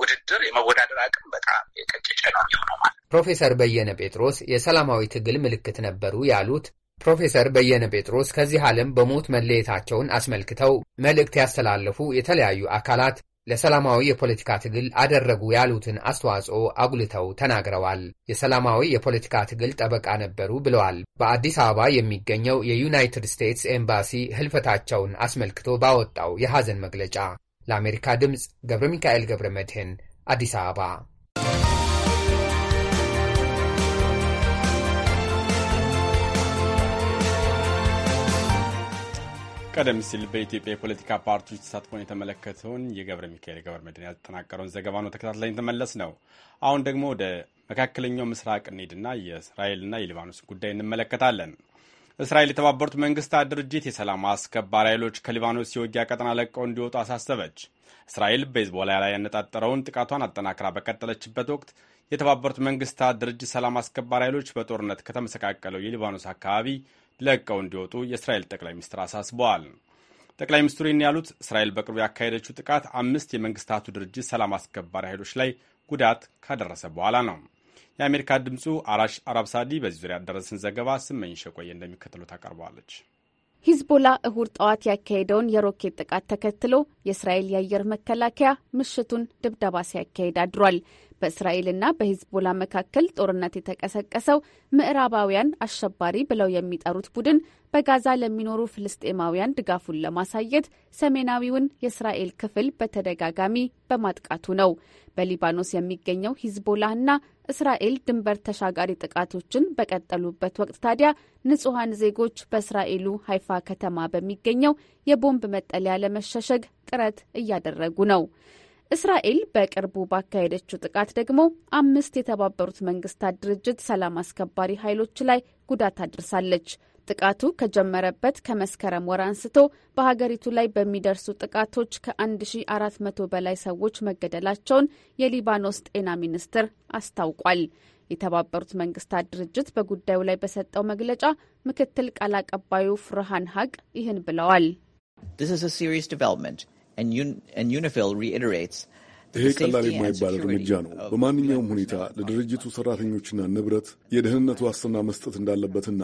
ውድድር የመወዳደር አቅም በጣም የቀጨጨ ነው የሚሆነው ማለት ፕሮፌሰር በየነ ጴጥሮስ የሰላማዊ ትግል ምልክት ነበሩ ያሉት ፕሮፌሰር በየነ ጴጥሮስ ከዚህ ዓለም በሞት መለየታቸውን አስመልክተው መልእክት ያስተላለፉ የተለያዩ አካላት ለሰላማዊ የፖለቲካ ትግል አደረጉ ያሉትን አስተዋጽኦ አጉልተው ተናግረዋል። የሰላማዊ የፖለቲካ ትግል ጠበቃ ነበሩ ብለዋል። በአዲስ አበባ የሚገኘው የዩናይትድ ስቴትስ ኤምባሲ ህልፈታቸውን አስመልክቶ ባወጣው የሐዘን መግለጫ ለአሜሪካ ድምፅ ገብረ ሚካኤል ገብረ መድህን አዲስ አበባ ቀደም ሲል በኢትዮጵያ የፖለቲካ ፓርቲዎች ተሳትፎን የተመለከተውን የገብረ ሚካኤል ገብረ መድን ያጠናቀረውን ዘገባ ነው ተከታትለን የተመለስ ነው። አሁን ደግሞ ወደ መካከለኛው ምስራቅ እንሂድና የእስራኤልና የሊባኖስ ጉዳይ እንመለከታለን። እስራኤል የተባበሩት መንግስታት ድርጅት የሰላም አስከባሪ ኃይሎች ከሊባኖስ የውጊያ ቀጠና ለቀው እንዲወጡ አሳሰበች። እስራኤል በሂዝቦላ ላይ ያነጣጠረውን ጥቃቷን አጠናክራ በቀጠለችበት ወቅት የተባበሩት መንግስታት ድርጅት ሰላም አስከባሪ ኃይሎች በጦርነት ከተመሰቃቀለው የሊባኖስ አካባቢ ለቀው እንዲወጡ የእስራኤል ጠቅላይ ሚኒስትር አሳስበዋል። ጠቅላይ ሚኒስትሩ ይህን ያሉት እስራኤል በቅርቡ ያካሄደችው ጥቃት አምስት የመንግስታቱ ድርጅት ሰላም አስከባሪ ኃይሎች ላይ ጉዳት ካደረሰ በኋላ ነው። የአሜሪካ ድምፁ አራሽ አራብ ሳዲ በዚህ ዙሪያ ያደረስን ዘገባ ስመኝ ሸቆየ እንደሚከተሉ ታቀርበዋለች። ሂዝቦላ እሁድ ጠዋት ያካሄደውን የሮኬት ጥቃት ተከትሎ የእስራኤል የአየር መከላከያ ምሽቱን ድብደባ ሲያካሄድ አድሯል። በእስራኤልና በሂዝቦላ መካከል ጦርነት የተቀሰቀሰው ምዕራባውያን አሸባሪ ብለው የሚጠሩት ቡድን በጋዛ ለሚኖሩ ፍልስጤማውያን ድጋፉን ለማሳየት ሰሜናዊውን የእስራኤል ክፍል በተደጋጋሚ በማጥቃቱ ነው። በሊባኖስ የሚገኘው ሂዝቦላ እና እስራኤል ድንበር ተሻጋሪ ጥቃቶችን በቀጠሉበት ወቅት ታዲያ ንጹሐን ዜጎች በእስራኤሉ ሀይፋ ከተማ በሚገኘው የቦምብ መጠለያ ለመሸሸግ ጥረት እያደረጉ ነው። እስራኤል በቅርቡ ባካሄደችው ጥቃት ደግሞ አምስት የተባበሩት መንግስታት ድርጅት ሰላም አስከባሪ ኃይሎች ላይ ጉዳት አድርሳለች። ጥቃቱ ከጀመረበት ከመስከረም ወር አንስቶ በሀገሪቱ ላይ በሚደርሱ ጥቃቶች ከ1400 በላይ ሰዎች መገደላቸውን የሊባኖስ ጤና ሚኒስቴር አስታውቋል። የተባበሩት መንግስታት ድርጅት በጉዳዩ ላይ በሰጠው መግለጫ ምክትል ቃል አቀባዩ ፍርሃን ሀቅ ይህን ብለዋል። This is a serious development. and UNIFIL reiterates ይሄ ቀላል የማይባል እርምጃ ነው። በማንኛውም ሁኔታ ለድርጅቱ ሰራተኞችና ንብረት የደህንነት ዋስትና መስጠት እንዳለበትና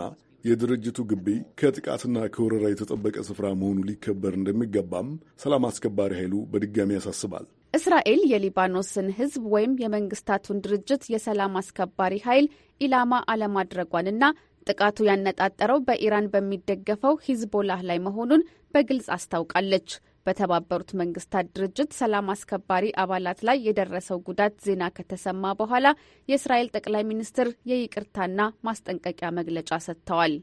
የድርጅቱ ግቢ ከጥቃትና ከወረራ የተጠበቀ ስፍራ መሆኑ ሊከበር እንደሚገባም ሰላም አስከባሪ ኃይሉ በድጋሚ ያሳስባል። እስራኤል የሊባኖስን ሕዝብ ወይም የመንግስታቱን ድርጅት የሰላም አስከባሪ ኃይል ኢላማ አለማድረጓንና ጥቃቱ ያነጣጠረው በኢራን በሚደገፈው ሂዝቦላህ ላይ መሆኑን በግልጽ አስታውቃለች። በተባበሩት መንግስታት ድርጅት ሰላም አስከባሪ አባላት ላይ የደረሰው ጉዳት ዜና ከተሰማ በኋላ የእስራኤል ጠቅላይ ሚኒስትር የይቅርታና ማስጠንቀቂያ መግለጫ ሰጥተዋል።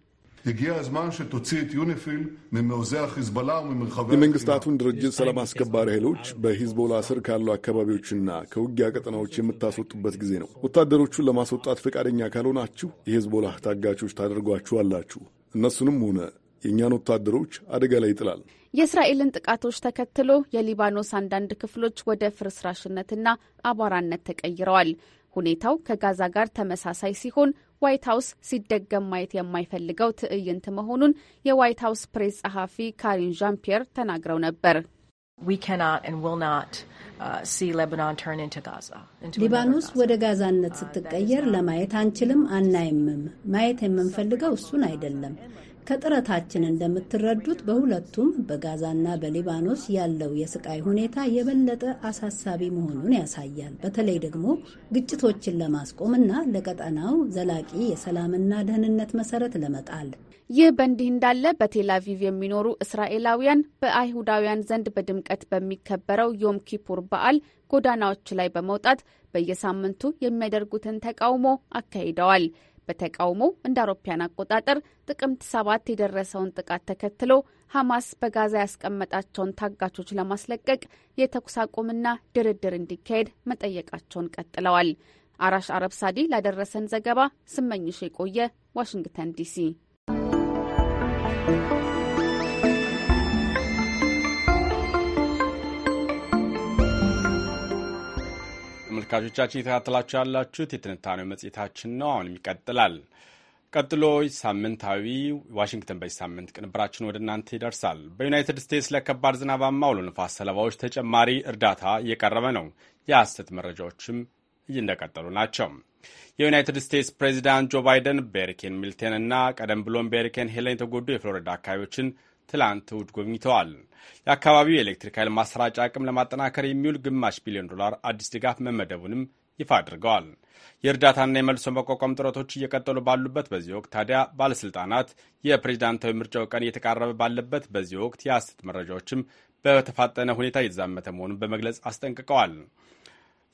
የመንግስታቱን ድርጅት ሰላም አስከባሪ ኃይሎች በሂዝቦላ ስር ካሉ አካባቢዎችና ከውጊያ ቀጠናዎች የምታስወጡበት ጊዜ ነው። ወታደሮቹን ለማስወጣት ፈቃደኛ ካልሆናችሁ የሂዝቦላ ታጋቾች ታደርጓችኋላችሁ። እነሱንም ሆነ የእኛን ወታደሮች አደጋ ላይ ይጥላል። የእስራኤልን ጥቃቶች ተከትሎ የሊባኖስ አንዳንድ ክፍሎች ወደ ፍርስራሽነትና አቧራነት ተቀይረዋል። ሁኔታው ከጋዛ ጋር ተመሳሳይ ሲሆን ዋይት ሀውስ ሲደገም ማየት የማይፈልገው ትዕይንት መሆኑን የዋይት ሀውስ ፕሬስ ጸሐፊ ካሪን ዣን ፒየር ተናግረው ነበር። uh, ሊባኖስ ወደ ጋዛነት uh, ስትቀየር ለማየት አንችልም፣ አናይምም። ማየት የምንፈልገው እሱን አይደለም። ከጥረታችን እንደምትረዱት በሁለቱም በጋዛና በሊባኖስ ያለው የስቃይ ሁኔታ የበለጠ አሳሳቢ መሆኑን ያሳያል። በተለይ ደግሞ ግጭቶችን ለማስቆም እና ለቀጠናው ዘላቂ የሰላምና ደህንነት መሰረት ለመጣል። ይህ በእንዲህ እንዳለ በቴላቪቭ የሚኖሩ እስራኤላውያን በአይሁዳውያን ዘንድ በድምቀት በሚከበረው ዮም ኪፑር በዓል ጎዳናዎች ላይ በመውጣት በየሳምንቱ የሚያደርጉትን ተቃውሞ አካሂደዋል። በተቃውሞው እንደ አውሮፓያን አቆጣጠር ጥቅምት ሰባት የደረሰውን ጥቃት ተከትሎ ሐማስ በጋዛ ያስቀመጣቸውን ታጋቾች ለማስለቀቅ የተኩስ አቁምና ድርድር እንዲካሄድ መጠየቃቸውን ቀጥለዋል። አራሽ አረብ ሳዲ ላደረሰን ዘገባ ስመኝሽ የቆየ ዋሽንግተን ዲሲ። ተመልካቾቻችን የተከታተላችሁ ያላችሁት የትንታኔው መጽሔታችን ነው። አሁንም ይቀጥላል። ቀጥሎ ሳምንታዊ ዋሽንግተን በዚህ ሳምንት ቅንብራችን ወደ እናንተ ይደርሳል። በዩናይትድ ስቴትስ ለከባድ ዝናባማ አውሎ ንፋስ ሰለባዎች ተጨማሪ እርዳታ እየቀረበ ነው። የሐሰት መረጃዎችም እንደቀጠሉ ናቸው። የዩናይትድ ስቴትስ ፕሬዚዳንት ጆ ባይደን በሄሪኬን ሚልቴን እና ቀደም ብሎም በሄሪኬን ሄለን የተጎዱ የፍሎሪዳ አካባቢዎችን ትላንት እሁድ ጎብኝተዋል። የአካባቢው የኤሌክትሪክ ኃይል ማሰራጫ አቅም ለማጠናከር የሚውል ግማሽ ቢሊዮን ዶላር አዲስ ድጋፍ መመደቡንም ይፋ አድርገዋል። የእርዳታና የመልሶ መቋቋም ጥረቶች እየቀጠሉ ባሉበት በዚህ ወቅት ታዲያ ባለሥልጣናት የፕሬዚዳንታዊ ምርጫው ቀን እየተቃረበ ባለበት በዚህ ወቅት የሐሰት መረጃዎችም በተፋጠነ ሁኔታ እየተዛመተ መሆኑን በመግለጽ አስጠንቅቀዋል።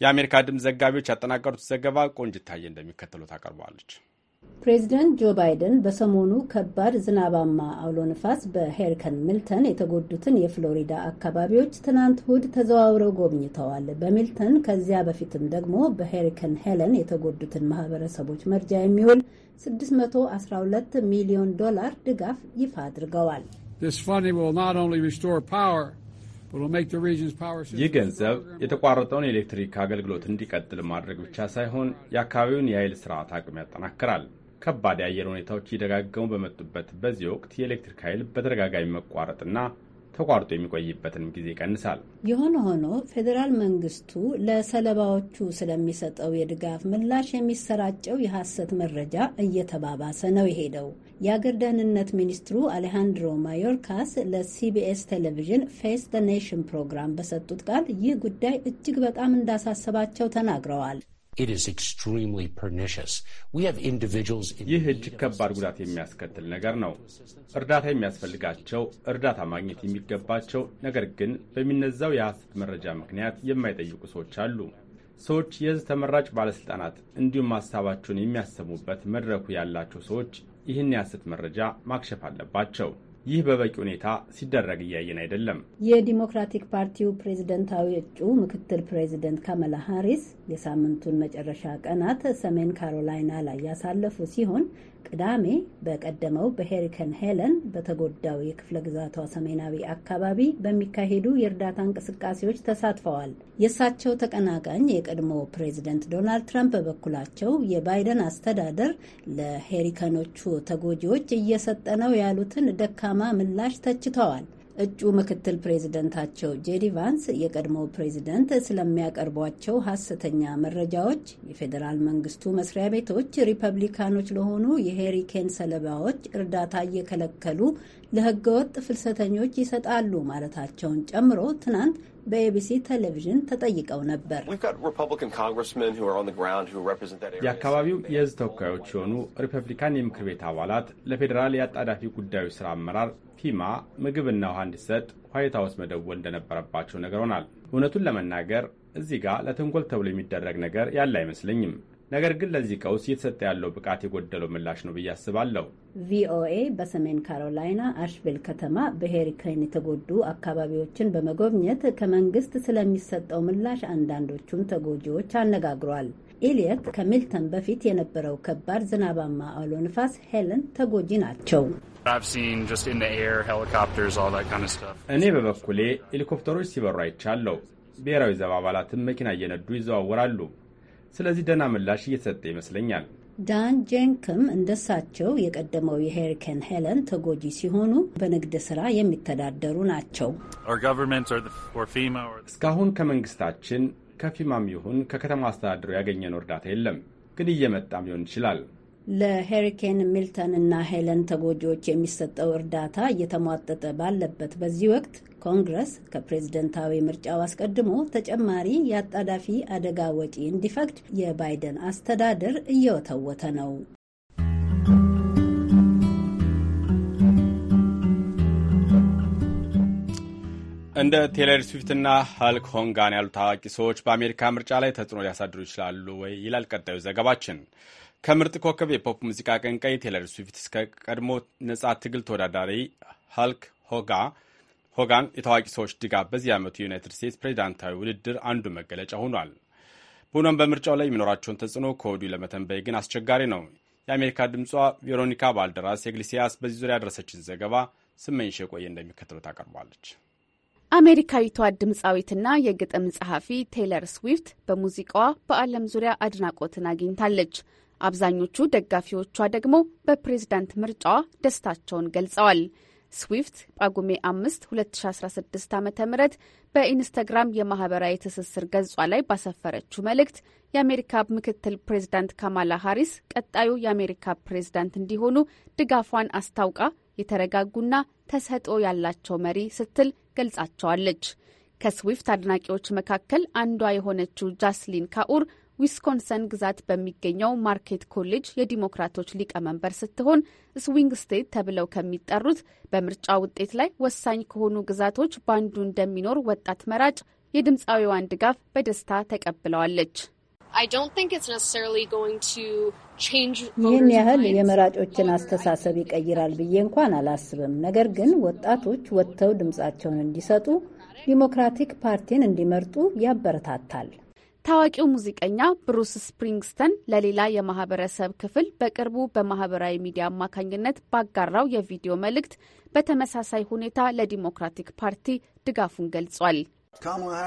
የአሜሪካ ድምፅ ዘጋቢዎች ያጠናቀሩት ዘገባ ቆንጅታየ እንደሚከተሉት አቀርበዋለች። ፕሬዚደንት ጆ ባይደን በሰሞኑ ከባድ ዝናባማ አውሎ ንፋስ በሄሪከን ሚልተን የተጎዱትን የፍሎሪዳ አካባቢዎች ትናንት እሁድ ተዘዋውረው ጎብኝተዋል። በሚልተን ከዚያ በፊትም ደግሞ በሄሪከን ሄለን የተጎዱትን ማህበረሰቦች መርጃ የሚውል 612 ሚሊዮን ዶላር ድጋፍ ይፋ አድርገዋል። ይህ ገንዘብ የተቋረጠውን የኤሌክትሪክ አገልግሎት እንዲቀጥል ማድረግ ብቻ ሳይሆን የአካባቢውን የኃይል ስርዓት አቅም ያጠናክራል። ከባድ የአየር ሁኔታዎች እየደጋገሙ በመጡበት በዚህ ወቅት የኤሌክትሪክ ኃይል በተደጋጋሚ መቋረጥና ተቋርጦ የሚቆይበትንም ጊዜ ይቀንሳል። የሆነ ሆኖ ፌዴራል መንግስቱ ለሰለባዎቹ ስለሚሰጠው የድጋፍ ምላሽ የሚሰራጨው የሐሰት መረጃ እየተባባሰ ነው የሄደው። የአገር ደህንነት ሚኒስትሩ አሌሃንድሮ ማዮርካስ ለሲቢኤስ ቴሌቪዥን ፌስ ኔሽን ፕሮግራም በሰጡት ቃል ይህ ጉዳይ እጅግ በጣም እንዳሳሰባቸው ተናግረዋል። ይህ እጅግ ከባድ ጉዳት የሚያስከትል ነገር ነው። እርዳታ የሚያስፈልጋቸው፣ እርዳታ ማግኘት የሚገባቸው ነገር ግን በሚነዛው የሐሰት መረጃ ምክንያት የማይጠይቁ ሰዎች አሉ። ሰዎች የሕዝብ ተመራጭ ባለሥልጣናት እንዲሁም ሐሳባቸውን የሚያሰሙበት መድረኩ ያላቸው ሰዎች ይህን የሐሰት መረጃ ማክሸፍ አለባቸው። ይህ በበቂ ሁኔታ ሲደረግ እያየን አይደለም። የዲሞክራቲክ ፓርቲው ፕሬዝደንታዊ እጩ ምክትል ፕሬዝደንት ካመላ ሃሪስ የሳምንቱን መጨረሻ ቀናት ሰሜን ካሮላይና ላይ ያሳለፉ ሲሆን ቅዳሜ በቀደመው በሄሪከን ሄለን በተጎዳው የክፍለ ግዛቷ ሰሜናዊ አካባቢ በሚካሄዱ የእርዳታ እንቅስቃሴዎች ተሳትፈዋል። የእሳቸው ተቀናቃኝ የቀድሞ ፕሬዚደንት ዶናልድ ትራምፕ በበኩላቸው የባይደን አስተዳደር ለሄሪከኖቹ ተጎጂዎች እየሰጠ ነው ያሉትን ደካማ ምላሽ ተችተዋል። እጩ ምክትል ፕሬዝደንታቸው ጄዲ ቫንስ የቀድሞ ፕሬዝደንት ስለሚያቀርቧቸው ሐሰተኛ መረጃዎች የፌዴራል መንግስቱ መስሪያ ቤቶች ሪፐብሊካኖች ለሆኑ የሄሪኬን ሰለባዎች እርዳታ እየከለከሉ ለህገወጥ ፍልሰተኞች ይሰጣሉ ማለታቸውን ጨምሮ ትናንት በኤቢሲ ቴሌቪዥን ተጠይቀው ነበር። የአካባቢው የህዝብ ተወካዮች የሆኑ ሪፐብሊካን የምክር ቤት አባላት ለፌዴራል የአጣዳፊ ጉዳዮች ስራ አመራር ፊማ ምግብና ውሃ እንዲሰጥ ዋይት ሀውስ መደወል እንደነበረባቸው ነግረውናል። እውነቱን ለመናገር እዚህ ጋር ለተንኮል ተብሎ የሚደረግ ነገር ያለ አይመስለኝም። ነገር ግን ለዚህ ቀውስ እየተሰጠ ያለው ብቃት የጎደለው ምላሽ ነው ብዬ አስባለሁ። ቪኦኤ በሰሜን ካሮላይና አሽቪል ከተማ በሄሪኬን የተጎዱ አካባቢዎችን በመጎብኘት ከመንግስት ስለሚሰጠው ምላሽ አንዳንዶቹን ተጎጂዎች አነጋግሯል። ኢልየት ከሚልተን በፊት የነበረው ከባድ ዝናባማ አውሎ ንፋስ ሄለን ተጎጂ ናቸው። እኔ በበኩሌ ሄሊኮፕተሮች ሲበሩ አይቻለሁ። ብሔራዊ ዘብ አባላትም መኪና እየነዱ ይዘዋወራሉ። ስለዚህ ደህና ምላሽ እየተሰጠ ይመስለኛል። ዳን ጄንክም እንደሳቸው የቀደመው የሄሪኬን ሄለን ተጎጂ ሲሆኑ በንግድ ስራ የሚተዳደሩ ናቸው። እስካሁን ከመንግስታችን ከፊማም ይሁን ከከተማ አስተዳደሩ ያገኘነው እርዳታ የለም፣ ግን እየመጣም ሊሆን ይችላል። ለሄሪኬን ሚልተን እና ሄለን ተጎጂዎች የሚሰጠው እርዳታ እየተሟጠጠ ባለበት በዚህ ወቅት ኮንግረስ ከፕሬዝደንታዊ ምርጫው አስቀድሞ ተጨማሪ የአጣዳፊ አደጋ ወጪ እንዲፈቅድ የባይደን አስተዳደር እየወተወተ ነው። እንደ ቴለር ስዊፍትና ሀልክ ሆንጋን ያሉ ታዋቂ ሰዎች በአሜሪካ ምርጫ ላይ ተጽዕኖ ሊያሳድሩ ይችላሉ ወይ ይላል ቀጣዩ ዘገባችን። ከምርጥ ኮከብ የፖፕ ሙዚቃ አቀንቃይ ቴለር ስዊፍት እስከ ቀድሞ ነጻ ትግል ተወዳዳሪ ሀልክ ሆጋ ሆጋን የታዋቂ ሰዎች ድጋፍ በዚህ ዓመቱ የዩናይትድ ስቴትስ ፕሬዚዳንታዊ ውድድር አንዱ መገለጫ ሆኗል። ሆኖም በምርጫው ላይ የሚኖራቸውን ተጽዕኖ ከወዲሁ ለመተንበይ ግን አስቸጋሪ ነው። የአሜሪካ ድምጿ ቬሮኒካ ባልደራስ የግሊሲያስ በዚህ ዙሪያ ያደረሰችን ዘገባ ስመኝሽ የቆየ እንደሚከተለው ታቀርባለች። አሜሪካዊቷ ድምፃዊትና የግጥም ጸሐፊ ቴይለር ስዊፍት በሙዚቃዋ በዓለም ዙሪያ አድናቆትን አግኝታለች። አብዛኞቹ ደጋፊዎቿ ደግሞ በፕሬዝዳንት ምርጫዋ ደስታቸውን ገልጸዋል። ስዊፍት ጳጉሜ አምስት 2016 ዓ ም በኢንስታግራም የማህበራዊ ትስስር ገጿ ላይ ባሰፈረችው መልእክት የአሜሪካ ምክትል ፕሬዝዳንት ካማላ ሃሪስ ቀጣዩ የአሜሪካ ፕሬዝዳንት እንዲሆኑ ድጋፏን አስታውቃ የተረጋጉና ተሰጥኦ ያላቸው መሪ ስትል ገልጻቸዋለች። ከስዊፍት አድናቂዎች መካከል አንዷ የሆነችው ጃስሊን ካኡር ዊስኮንሰን ግዛት በሚገኘው ማርኬት ኮሌጅ የዲሞክራቶች ሊቀመንበር ስትሆን ስዊንግ ስቴት ተብለው ከሚጠሩት በምርጫ ውጤት ላይ ወሳኝ ከሆኑ ግዛቶች በአንዱ እንደሚኖር ወጣት መራጭ የድምፃዊዋን ድጋፍ በደስታ ተቀብለዋለች። ይህን ያህል የመራጮችን አስተሳሰብ ይቀይራል ብዬ እንኳን አላስብም። ነገር ግን ወጣቶች ወጥተው ድምፃቸውን እንዲሰጡ፣ ዲሞክራቲክ ፓርቲን እንዲመርጡ ያበረታታል። ታዋቂው ሙዚቀኛ ብሩስ ስፕሪንግስተን ለሌላ የማህበረሰብ ክፍል በቅርቡ በማህበራዊ ሚዲያ አማካኝነት ባጋራው የቪዲዮ መልእክት በተመሳሳይ ሁኔታ ለዲሞክራቲክ ፓርቲ ድጋፉን ገልጿል። ካማላ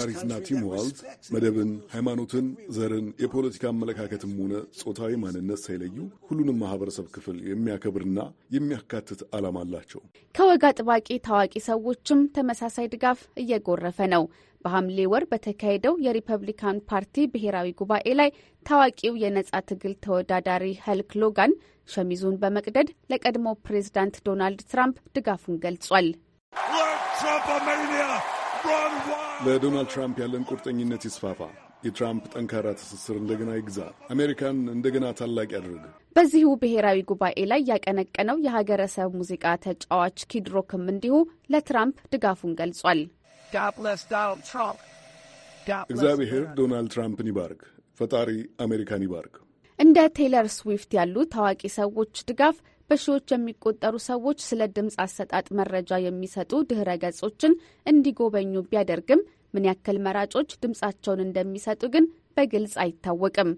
ሃሪስና ቲም ዋልት መደብን፣ ሃይማኖትን፣ ዘርን፣ የፖለቲካ አመለካከትም ሆነ ጾታዊ ማንነት ሳይለዩ ሁሉንም ማህበረሰብ ክፍል የሚያከብርና የሚያካትት ዓላማ አላቸው። ከወግ አጥባቂ ታዋቂ ሰዎችም ተመሳሳይ ድጋፍ እየጎረፈ ነው። በሐምሌ ወር በተካሄደው የሪፐብሊካን ፓርቲ ብሔራዊ ጉባኤ ላይ ታዋቂው የነጻ ትግል ተወዳዳሪ ኸልክ ሎጋን ሸሚዙን በመቅደድ ለቀድሞ ፕሬዝዳንት ዶናልድ ትራምፕ ድጋፉን ገልጿል። ለዶናልድ ትራምፕ ያለን ቁርጠኝነት ይስፋፋ። የትራምፕ ጠንካራ ትስስር እንደገና ይግዛ፣ አሜሪካን እንደገና ታላቅ ያደርግ። በዚሁ ብሔራዊ ጉባኤ ላይ ያቀነቀነው የሀገረሰብ ሙዚቃ ተጫዋች ኪድሮክም እንዲሁ ለትራምፕ ድጋፉን ገልጿል። እግዚአብሔር ዶናልድ ትራምፕን ይባርክ፣ ፈጣሪ አሜሪካን ይባርክ። እንደ ቴይለር ስዊፍት ያሉ ታዋቂ ሰዎች ድጋፍ በሺዎች የሚቆጠሩ ሰዎች ስለ ድምፅ አሰጣጥ መረጃ የሚሰጡ ድህረ ገጾችን እንዲጎበኙ ቢያደርግም ምን ያክል መራጮች ድምፃቸውን እንደሚሰጡ ግን በግልጽ አይታወቅም።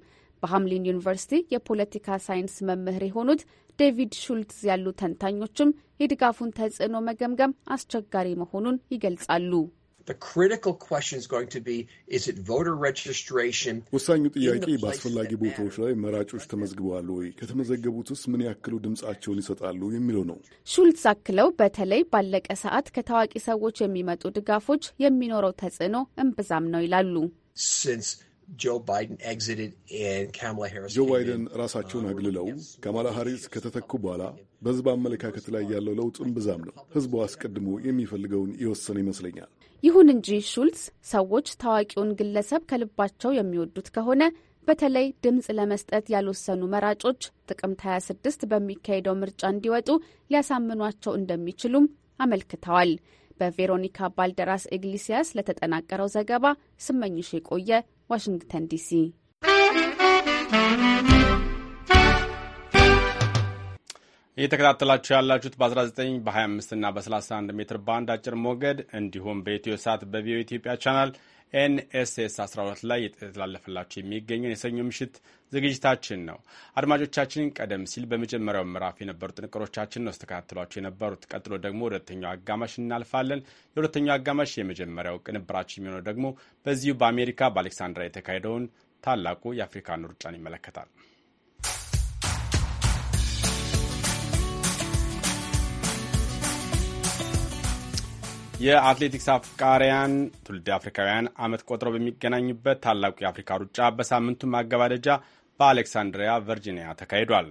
በሃምሊን ዩኒቨርሲቲ የፖለቲካ ሳይንስ መምህር የሆኑት ዴቪድ ሹልትዝ ያሉ ተንታኞችም የድጋፉን ተጽዕኖ መገምገም አስቸጋሪ መሆኑን ይገልጻሉ። The critical question is going to be is it voter registration? ወሳኙ ጥያቄ በአስፈላጊ ቦታዎች ላይ መራጮች ተመዝግበዋል ወይ፣ ከተመዘገቡትስ ምን ያክሉ ድምፃቸውን ይሰጣሉ የሚለው ነው። ሹልትስ አክለው በተለይ ባለቀ ሰዓት ከታዋቂ ሰዎች የሚመጡ ድጋፎች የሚኖረው ተጽዕኖ እምብዛም ነው ይላሉ። Since ጆ ባይደን ራሳቸውን uh, አግልለው ካማላ ሃሪስ ከተተኩ በኋላ በህዝብ አመለካከት ላይ ያለው ለውጥ እምብዛም ነው። ህዝቡ አስቀድሞ የሚፈልገውን የወሰነ ይመስለኛል። ይሁን እንጂ ሹልስ ሰዎች ታዋቂውን ግለሰብ ከልባቸው የሚወዱት ከሆነ በተለይ ድምፅ ለመስጠት ያልወሰኑ መራጮች ጥቅምት 26 በሚካሄደው ምርጫ እንዲወጡ ሊያሳምኗቸው እንደሚችሉም አመልክተዋል። በቬሮኒካ ባልደራስ ኢግሊሲያስ ለተጠናቀረው ዘገባ ስመኝሽ የቆየ ዋሽንግተን ዲሲ። እየተከታተላችሁ ያላችሁት በ19 በ25 እና በ31 ሜትር ባንድ አጭር ሞገድ እንዲሁም በኢትዮ ሳት በቪኦ ኢትዮጵያ ቻናል ኤንኤስኤስ 12 ላይ የተላለፈላቸው የሚገኘውን የሰኞ ምሽት ዝግጅታችን ነው። አድማጮቻችን ቀደም ሲል በመጀመሪያው ምዕራፍ የነበሩ ጥንቅሮቻችን ነው ስተካትሏቸው የነበሩት። ቀጥሎ ደግሞ ሁለተኛው አጋማሽ እናልፋለን። የሁለተኛው አጋማሽ የመጀመሪያው ቅንብራችን የሚሆነው ደግሞ በዚሁ በአሜሪካ በአሌክሳንድራ የተካሄደውን ታላቁ የአፍሪካን ሩጫን ይመለከታል። የአትሌቲክስ አፍቃሪያን ትውልድ አፍሪካውያን ዓመት ቆጥረው በሚገናኙበት ታላቁ የአፍሪካ ሩጫ በሳምንቱ ማገባደጃ በአሌክሳንድሪያ ቨርጂኒያ ተካሂዷል።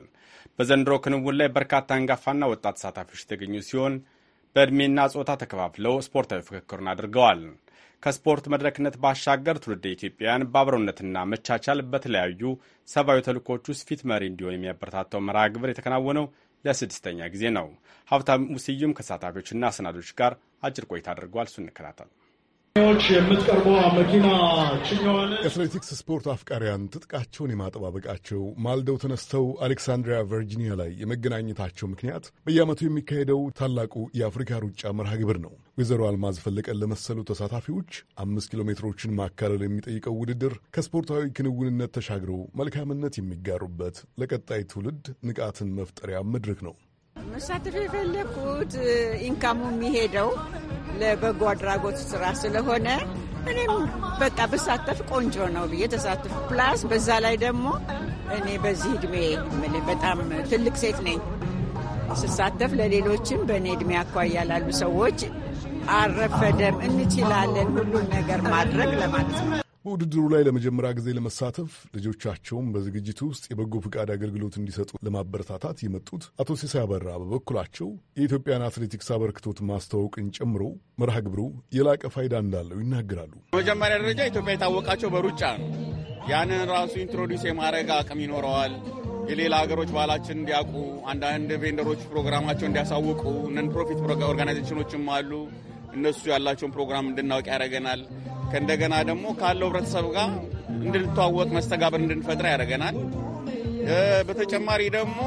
በዘንድሮ ክንውን ላይ በርካታ አንጋፋና ወጣት ተሳታፊዎች የተገኙ ሲሆን በዕድሜና ጾታ ተከፋፍለው ስፖርታዊ ፍክክሩን አድርገዋል። ከስፖርት መድረክነት ባሻገር ትውልደ ኢትዮጵያውያን በአብሮነትና መቻቻል በተለያዩ ሰብአዊ ተልእኮች ውስጥ ፊት መሪ እንዲሆን የሚያበረታታው መርሃ ግብር የተከናወነው ለስድስተኛ ጊዜ ነው። ሀብታም ሙስዩም ከሳታፊዎችና ሰናዶች ጋር አጭር ቆይታ አድርጓል። እሱ እንከታተል። የአትሌቲክስ ስፖርት አፍቃሪያን ትጥቃቸውን የማጠባበቃቸው ማልደው ተነስተው አሌክሳንድሪያ ቨርጂኒያ ላይ የመገናኘታቸው ምክንያት በየዓመቱ የሚካሄደው ታላቁ የአፍሪካ ሩጫ መርሃ ግብር ነው። ወይዘሮ አልማዝ ፈለቀን ለመሰሉ ተሳታፊዎች አምስት ኪሎ ሜትሮችን ማካለል የሚጠይቀው ውድድር ከስፖርታዊ ክንውንነት ተሻግሮ መልካምነት የሚጋሩበት ለቀጣይ ትውልድ ንቃትን መፍጠሪያ መድረክ ነው። መሳተፍ የፈለኩት ኢንካሙ የሚሄደው ለበጎ አድራጎት ስራ ስለሆነ እኔም በቃ ብሳተፍ ቆንጆ ነው ብዬ ተሳትፍ። ፕላስ በዛ ላይ ደግሞ እኔ በዚህ እድሜ በጣም ትልቅ ሴት ነኝ። ስሳተፍ ለሌሎችም በእኔ እድሜ አኳያ ላሉ ሰዎች አረፈደም እንችላለን ሁሉን ነገር ማድረግ ለማለት ነው። በውድድሩ ላይ ለመጀመሪያ ጊዜ ለመሳተፍ ልጆቻቸውም በዝግጅቱ ውስጥ የበጎ ፈቃድ አገልግሎት እንዲሰጡ ለማበረታታት የመጡት አቶ ሲሳይ አበራ በበኩላቸው የኢትዮጵያን አትሌቲክስ አበርክቶት ማስተዋወቅን ጨምሮ መርሃ ግብሩ የላቀ ፋይዳ እንዳለው ይናገራሉ። በመጀመሪያ ደረጃ ኢትዮጵያ የታወቃቸው በሩጫ ነው። ያንን ራሱ ኢንትሮዲስ የማድረግ አቅም ይኖረዋል። የሌላ ሀገሮች ባህላችን እንዲያውቁ አንዳንድ ቬንደሮች ፕሮግራማቸው እንዲያሳውቁ ነን ፕሮፊት ኦርጋናይዜሽኖችም አሉ እነሱ ያላቸውን ፕሮግራም እንድናውቅ ያደረገናል። ከእንደገና ደግሞ ካለው ህብረተሰብ ጋር እንድንተዋወቅ መስተጋብር እንድንፈጥር ያደረገናል። በተጨማሪ ደግሞ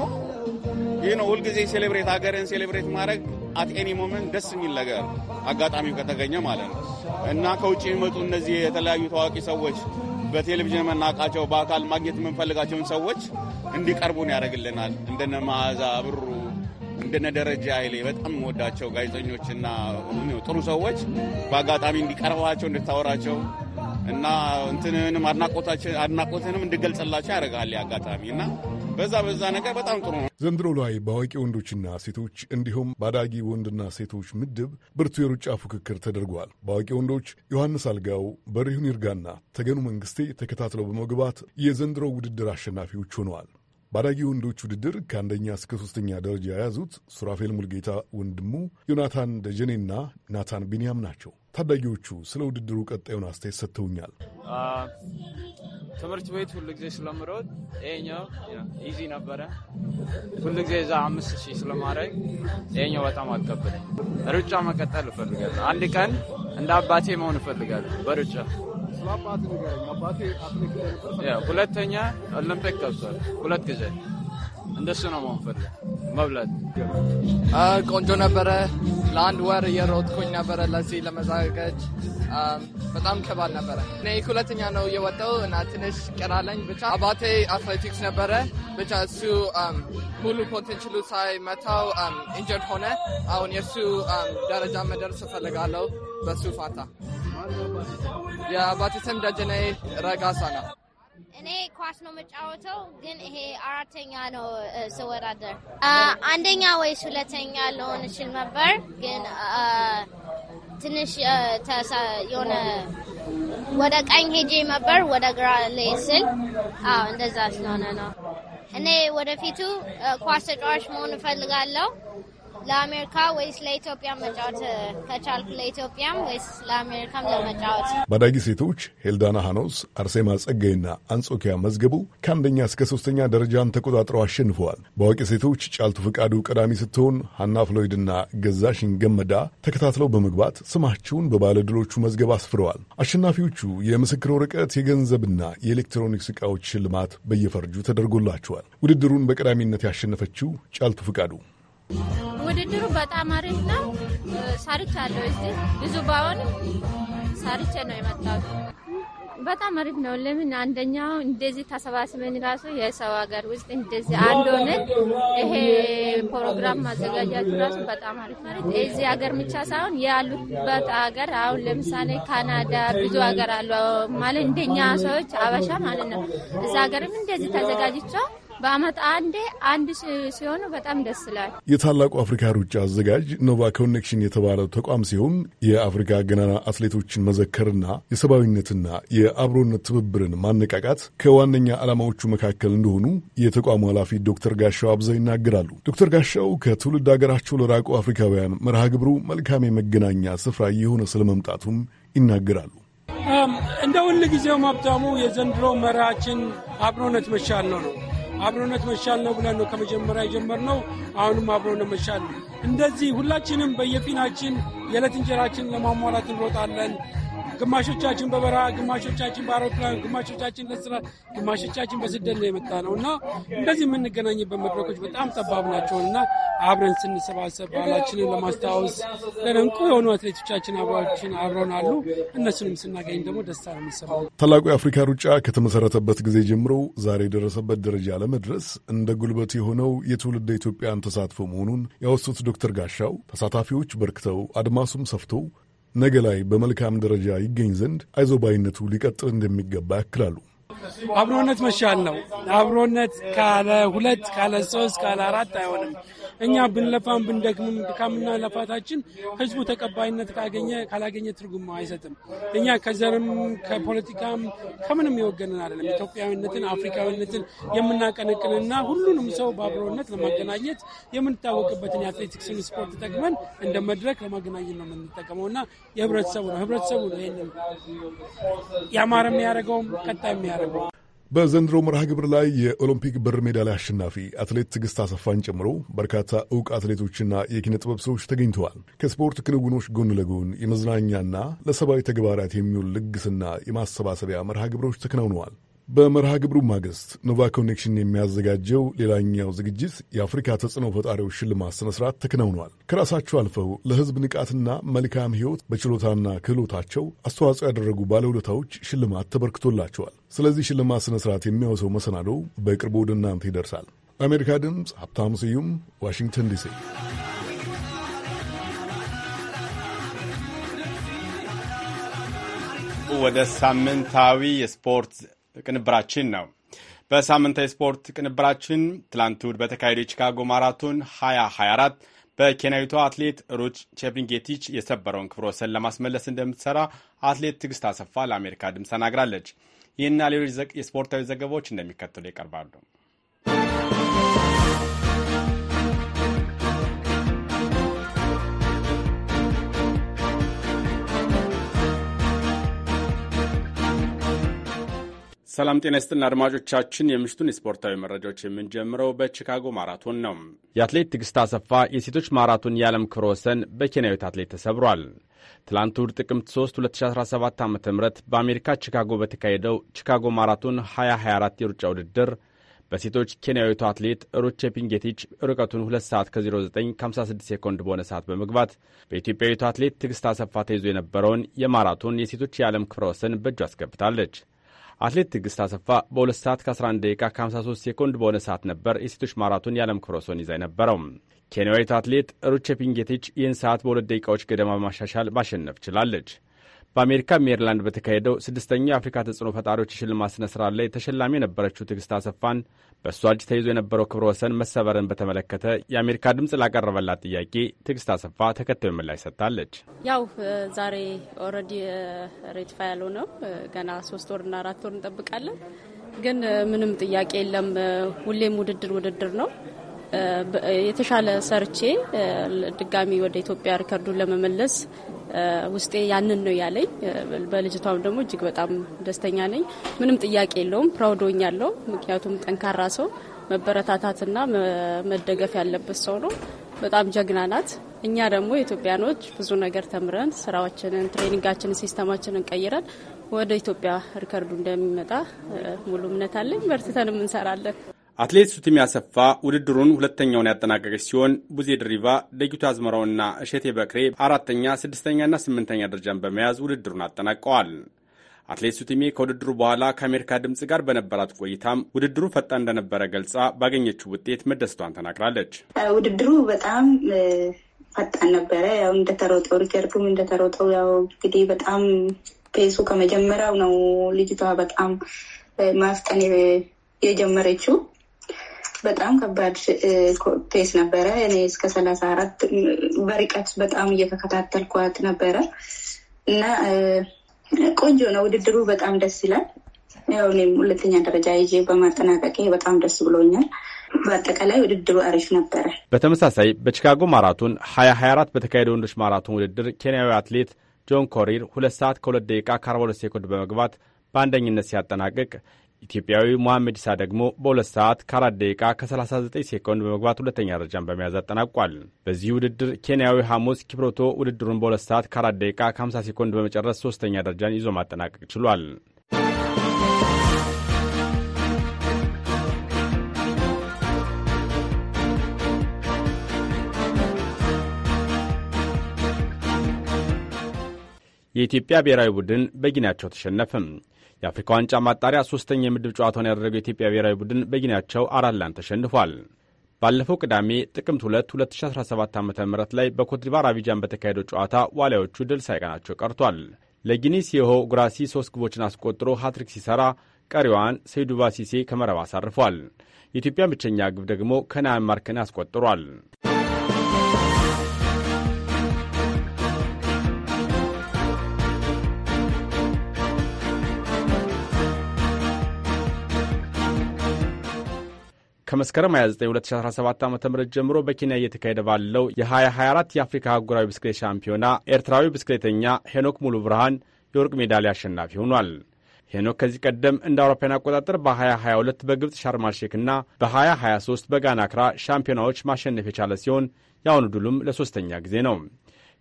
ይህ ነው ሁልጊዜ ሴሌብሬት ሀገርን ሴሌብሬት ማድረግ አት ኤኒ ሞመንት ደስ የሚል ነገር አጋጣሚው ከተገኘ ማለት ነው እና ከውጭ የሚመጡ እነዚህ የተለያዩ ታዋቂ ሰዎች በቴሌቪዥን የምናውቃቸው በአካል ማግኘት የምንፈልጋቸውን ሰዎች እንዲቀርቡን ያደርግልናል። እንደነ መዓዛ ብሩ እንደነ ደረጃ ኃይሌ በጣም የምወዳቸው ጋዜጠኞችና ጥሩ ሰዎች በአጋጣሚ እንዲቀርባቸው እንድታወራቸው እና እንትንንም አድናቆትንም እንድገልጽላቸው ያደርጋል አጋጣሚ እና በዛ በዛ ነገር በጣም ጥሩ ነው። ዘንድሮ ላይ በአዋቂ ወንዶችና ሴቶች እንዲሁም በአዳጊ ወንድና ሴቶች ምድብ ብርቱ የሩጫ ፉክክር ተደርጓል። በአዋቂ ወንዶች ዮሐንስ አልጋው፣ በሪሁን ይርጋና ተገኑ መንግስቴ ተከታትለው በመግባት የዘንድሮ ውድድር አሸናፊዎች ሆነዋል። ባዳጊ ወንዶች ውድድር ከአንደኛ እስከ ሶስተኛ ደረጃ የያዙት ሱራፌል ሙልጌታ፣ ወንድሙ ዮናታን ደጀኔና ናታን ቢንያም ናቸው። ታዳጊዎቹ ስለ ውድድሩ ቀጣዩን አስተያየት ሰጥተውኛል። ትምህርት ቤት ጊዜ ስለምሮጥ ይኸኛው ኢዚ ነበረ። ጊዜ እዛ አምስት ሺህ ስለማድረግ ይኸኛው በጣም አልከበደኝ። ሩጫ መቀጠል እፈልጋለሁ። አንድ ቀን እንደ አባቴ መሆን እፈልጋለሁ በሩጫ ሁለተኛ ኦሎምፒክ ገብቷል ሁለት ጊዜ። እንደሱ ነው መሆንፈል መብላት ቆንጆ ነበረ። ለአንድ ወር እየሮጥኩኝ ነበረ ለዚህ ለመዘጋጀት በጣም ከባድ ነበረ። እኔ ሁለተኛ ነው የወጣው እና ትንሽ ቀራለኝ ብቻ። አባቴ አትሌቲክስ ነበረ ብቻ እሱ ሙሉ ፖቴንሽሉ ሳይመታው ኢንጀርድ ሆነ። አሁን የእሱ ደረጃ መደርስ እፈልጋለሁ በሱ ፋታ የአባቴ ስም ደጀኔ ረጋሳ ነው። እኔ ኳስ ነው የምጫወተው፣ ግን ይሄ አራተኛ ነው ስወዳደር። አንደኛ ወይስ ሁለተኛ ልሆን እችል ነበር፣ ግን ትንሽ የሆነ ወደ ቀኝ ሄጄ ነበር ወደ ግራ ላይ ስል እንደዛ ስለሆነ ነው። እኔ ወደፊቱ ኳስ ተጫዋች መሆን እፈልጋለሁ። ለአሜሪካ ወይስ ለኢትዮጵያ መጫወት ከቻልኩ ለኢትዮጵያም ወይስ ለአሜሪካም ለመጫወት። ባዳጊ ሴቶች ሄልዳና ሃኖስ፣ አርሴማ ጸጋይና አንጾኪያ መዝገቡ ከአንደኛ እስከ ሶስተኛ ደረጃን ተቆጣጥረው አሸንፈዋል። በአዋቂ ሴቶች ጫልቱ ፍቃዱ ቀዳሚ ስትሆን ሀና ፍሎይድና ገዛሽን ገመዳ ተከታትለው በመግባት ስማቸውን በባለድሎቹ መዝገብ አስፍረዋል። አሸናፊዎቹ የምስክር ወረቀት፣ የገንዘብና የኤሌክትሮኒክስ እቃዎች ሽልማት በየፈርጁ ተደርጎላቸዋል። ውድድሩን በቀዳሚነት ያሸነፈችው ጫልቱ ፍቃዱ ውድድሩ በጣም አሪፍ ነው። አለው እዚህ ብዙ ባይሆንም ሳርቼ ነው የመጣሁት። በጣም አሪፍ ነው። ለምን አንደኛው እንደዚህ ተሰባስበን ራሱ የሰው ሀገር ውስጥ እንደዚህ አንድ ሆነን ይሄ ፕሮግራም ማዘጋጃቱ ራሱ በጣም አሪፍ ማለት እዚህ ሀገር ብቻ ሳይሆን ያሉበት ሀገር አሁን ለምሳሌ ካናዳ ብዙ ሀገር አሉ ማለት እንደኛ ሰዎች አበሻ ማለት ነው እዛ ሀገርም እንደዚህ ተዘጋጅቸው በአመት አንዴ አንድ ሲሆኑ በጣም ደስ ይላል። የታላቁ አፍሪካ ሩጫ አዘጋጅ ኖቫ ኮኔክሽን የተባለ ተቋም ሲሆን የአፍሪካ ገናና አትሌቶችን መዘከርና የሰብአዊነትና የአብሮነት ትብብርን ማነቃቃት ከዋነኛ ዓላማዎቹ መካከል እንደሆኑ የተቋሙ ኃላፊ ዶክተር ጋሻው አብዛ ይናገራሉ። ዶክተር ጋሻው ከትውልድ ሀገራቸው ለራቁ አፍሪካውያን መርሃ ግብሩ መልካም የመገናኛ ስፍራ የሆነ ስለመምጣቱም ይናገራሉ። እንደ ሁል ጊዜው ማብታሙ የዘንድሮ መርሃችን አብሮነት መቻል ነው ነው አብሮነት መቻል ነው ብለን ነው ከመጀመሪያ የጀመርነው። አሁንም አብሮነት መቻል ነው። እንደዚህ ሁላችንም በየፊናችን የዕለት እንጀራችን ለማሟላት እንሮጣለን። ግማሾቻችን በበረሃ ግማሾቻችን በአውሮፕላን ግማሾቻችን ለስራ ግማሾቻችን በስደት ነው የመጣ ነው እና እንደዚህ የምንገናኝበት መድረኮች በጣም ጠባብ ናቸው እና አብረን ስንሰባሰብ ባህላችንን ለማስታወስ ለደንቁ የሆኑ አትሌቶቻችን አብሮችን አብረን አሉ። እነሱንም ስናገኝ ደግሞ ደስታ ነው የሚሰማው። ታላቁ የአፍሪካ ሩጫ ከተመሰረተበት ጊዜ ጀምሮ ዛሬ የደረሰበት ደረጃ ለመድረስ እንደ ጉልበት የሆነው የትውልደ ኢትዮጵያን ተሳትፎ መሆኑን ያወሱት ዶክተር ጋሻው ተሳታፊዎች በርክተው አድማሱም ሰፍቶ ነገ ላይ በመልካም ደረጃ ይገኝ ዘንድ አይዞባይነቱ ሊቀጥል እንደሚገባ ያክላሉ። አብሮነት መሻል ነው። አብሮነት ካለ ሁለት ካለ ሶስት ካለ አራት አይሆንም። እኛ ብንለፋም ብንደክምም ድካምና ለፋታችን ህዝቡ ተቀባይነት ካገኘ ካላገኘ ትርጉም አይሰጥም። እኛ ከዘርም ከፖለቲካም ከምንም የወገንን አይደለም። ኢትዮጵያዊነትን፣ አፍሪካዊነትን የምናቀነቅንና ሁሉንም ሰው በአብሮነት ለማገናኘት የምንታወቅበትን የአትሌቲክስን ስፖርት ጠቅመን እንደ መድረክ ለማገናኘት ነው የምንጠቀመውና የህብረተሰቡ ነው ህብረተሰቡ ነው ይህንን ያማረ የሚያደርገውም ቀጣይ የሚያደርገው በዘንድሮ መርሃ ግብር ላይ የኦሎምፒክ ብር ሜዳሊያ አሸናፊ አትሌት ትዕግስት አሰፋን ጨምሮ በርካታ እውቅ አትሌቶችና የኪነ ጥበብ ሰዎች ተገኝተዋል። ከስፖርት ክንውኖች ጎን ለጎን የመዝናኛና ለሰብአዊ ተግባራት የሚውል ልግስና የማሰባሰቢያ መርሃ ግብሮች ተከናውነዋል። በመርሃ ግብሩ ማግስት ኖቫ ኮኔክሽን የሚያዘጋጀው ሌላኛው ዝግጅት የአፍሪካ ተጽዕኖ ፈጣሪዎች ሽልማት ስነ ስርዓት ተከናውኗል። ከራሳቸው አልፈው ለሕዝብ ንቃትና መልካም ሕይወት በችሎታና ክህሎታቸው አስተዋጽኦ ያደረጉ ባለውለታዎች ሽልማት ተበርክቶላቸዋል። ስለዚህ ሽልማት ስነ ስርዓት የሚያወሰው መሰናዶ በቅርቡ ወደ እናንተ ይደርሳል። ለአሜሪካ ድምፅ ሀብታሙ ስዩም ዋሽንግተን ዲሲ። ወደ ሳምንታዊ የስፖርት ቅንብራችን ነው። በሳምንታዊ ስፖርት ቅንብራችን ትላንት እሁድ በተካሄደው የቺካጎ ማራቶን 2024 በኬንያዊቷ አትሌት ሩች ቼፕንጌቲች የሰበረውን ክብረ ወሰን ለማስመለስ እንደምትሰራ አትሌት ትዕግስት አሰፋ ለአሜሪካ ድምፅ ተናግራለች። ይህና ሌሎች የስፖርታዊ ዘገባዎች እንደሚከተሉ ይቀርባሉ። ሰላም ጤና ይስጥልን አድማጮቻችን፣ የምሽቱን ስፖርታዊ መረጃዎች የምንጀምረው በቺካጎ ማራቶን ነው። የአትሌት ትግስት አሰፋ የሴቶች ማራቶን የዓለም ክብረ ወሰን በኬንያዊት አትሌት ተሰብሯል። ትላንት እሁድ ጥቅምት 3 2017 ዓ ም በአሜሪካ ቺካጎ በተካሄደው ቺካጎ ማራቶን 2024 የሩጫ ውድድር በሴቶች ኬንያዊቱ አትሌት ሩቼ ፒንጌቲች ርቀቱን 2 ሰዓት ከ09 56 ሴኮንድ በሆነ ሰዓት በመግባት በኢትዮጵያዊቱ አትሌት ትግስት አሰፋ ተይዞ የነበረውን የማራቶን የሴቶች የዓለም ክብረ ወሰን በእጁ አስገብታለች። አትሌት ትዕግስት አሰፋ በሁለት ሰዓት ከ11 ደቂቃ ከ53 ሴኮንድ በሆነ ሰዓት ነበር የሴቶች ማራቶን የዓለም ክብረ ወሰን ይዛ የነበረው። ኬንያዊት አትሌት ሩቼፒንጌቲች ይህን ሰዓት በሁለት ደቂቃዎች ገደማ በማሻሻል ማሸነፍ ችላለች። በአሜሪካ ሜሪላንድ በተካሄደው ስድስተኛው የአፍሪካ ተጽዕኖ ፈጣሪዎች የሽልማት ስነ ስርዓት ላይ ተሸላሚ የነበረችው ትዕግስት አሰፋን በእሷ እጅ ተይዞ የነበረው ክብረ ወሰን መሰበርን በተመለከተ የአሜሪካ ድምፅ ላቀረበላት ጥያቄ ትዕግስት አሰፋ ተከታዩ ምላሽ ሰጥታለች። ያው ዛሬ ኦልሬዲ ሬቲፋ ያለው ነው። ገና ሶስት ወርና አራት ወር እንጠብቃለን። ግን ምንም ጥያቄ የለም። ሁሌም ውድድር ውድድር ነው። የተሻለ ሰርቼ ድጋሚ ወደ ኢትዮጵያ ሪከርዱን ለመመለስ ውስጤ ያንን ነው ያለኝ። በልጅቷም ደግሞ እጅግ በጣም ደስተኛ ነኝ። ምንም ጥያቄ የለውም። ፕራውዶኝ ያለው ምክንያቱም ጠንካራ ሰው መበረታታትና መደገፍ ያለበት ሰው ነው። በጣም ጀግና ናት። እኛ ደግሞ ኢትዮጵያኖች ብዙ ነገር ተምረን ስራዎችንን፣ ትሬኒንጋችንን፣ ሲስተማችንን ቀይረን ወደ ኢትዮጵያ ሪከርዱ እንደሚመጣ ሙሉ እምነት አለኝ። በርትተንም እንሰራለን። አትሌት ሱትሚ አሰፋ ውድድሩን ሁለተኛውን ያጠናቀቀች ሲሆን ቡዜ ድሪባ፣ ደጊቱ አዝመራውና እሸቴ በክሬ አራተኛ፣ ስድስተኛና ስምንተኛ ደረጃን በመያዝ ውድድሩን አጠናቀዋል። አትሌት ሱቲሜ ከውድድሩ በኋላ ከአሜሪካ ድምፅ ጋር በነበራት ቆይታም ውድድሩ ፈጣን እንደነበረ ገልጻ ባገኘችው ውጤት መደሰቷን ተናግራለች። ውድድሩ በጣም ፈጣን ነበረ። ያው እንደተሮጠው ሪከርዱም እንደተሮጠው ያው እንግዲህ በጣም ፔሱ ከመጀመሪያው ነው ልጅቷ በጣም ማፍጠን የጀመረችው በጣም ከባድ ፔስ ነበረ። እኔ እስከ ሰላሳ አራት በርቀት በጣም እየተከታተልኳት ነበረ እና ቆንጆ ነው ውድድሩ፣ በጣም ደስ ይላል። ያው እኔም ሁለተኛ ደረጃ ይዤ በማጠናቀቄ በጣም ደስ ብሎኛል። በአጠቃላይ ውድድሩ አሪፍ ነበረ። በተመሳሳይ በቺካጎ ማራቶን አራት በተካሄደ ወንዶች ማራቶን ውድድር ኬንያዊ አትሌት ጆን ኮሪር ሁለት ሰዓት ከሁለት ደቂቃ ከአርባ ሁለት ሴኮንድ በመግባት በአንደኝነት ሲያጠናቅቅ ኢትዮጵያዊ ሞሐመድ ኢሳ ደግሞ በሁለት ሰዓት ከአራት ደቂቃ ከ39 ሴኮንድ በመግባት ሁለተኛ ደረጃን በመያዝ አጠናቋል። በዚህ ውድድር ኬንያዊ ሐሙስ ኪፕሮቶ ውድድሩን በሁለት ሰዓት ከአራት ደቂቃ ከ50 ሴኮንድ በመጨረስ ሶስተኛ ደረጃን ይዞ ማጠናቀቅ ችሏል። የኢትዮጵያ ብሔራዊ ቡድን በጊናቸው ተሸነፈም። የአፍሪካ ዋንጫ ማጣሪያ ሶስተኛ የምድብ ጨዋታውን ያደረገው የኢትዮጵያ ብሔራዊ ቡድን በጊኒያቸው አራት ለአንድ ተሸንፏል። ባለፈው ቅዳሜ ጥቅምት 2 2017 ዓ ም ላይ በኮትዲቫር አቢጃን በተካሄደው ጨዋታ ዋሊያዎቹ ድል ሳይቀናቸው ቀርቷል። ለጊኒ ሲሆ ጉራሲ ሶስት ግቦችን አስቆጥሮ ሃትሪክ ሲሰራ ቀሪዋን ሰይዱባ ሲሴ ከመረብ አሳርፏል። የኢትዮጵያን ብቸኛ ግብ ደግሞ ከናያን ማርክን አስቆጥሯል። ከመስከረም 29 2017 ዓ ም ጀምሮ በኬንያ እየተካሄደ ባለው የ2024 የአፍሪካ አህጉራዊ ብስክሌት ሻምፒዮና ኤርትራዊ ብስክሌተኛ ሄኖክ ሙሉ ብርሃን የወርቅ ሜዳሊያ አሸናፊ ሆኗል። ሄኖክ ከዚህ ቀደም እንደ አውሮፓውያን አቆጣጠር በ2022 በግብፅ ሻርማልሼክና በ2023 በጋና አክራ ሻምፒዮናዎች ማሸነፍ የቻለ ሲሆን የአሁኑ ድሉም ለሦስተኛ ጊዜ ነው።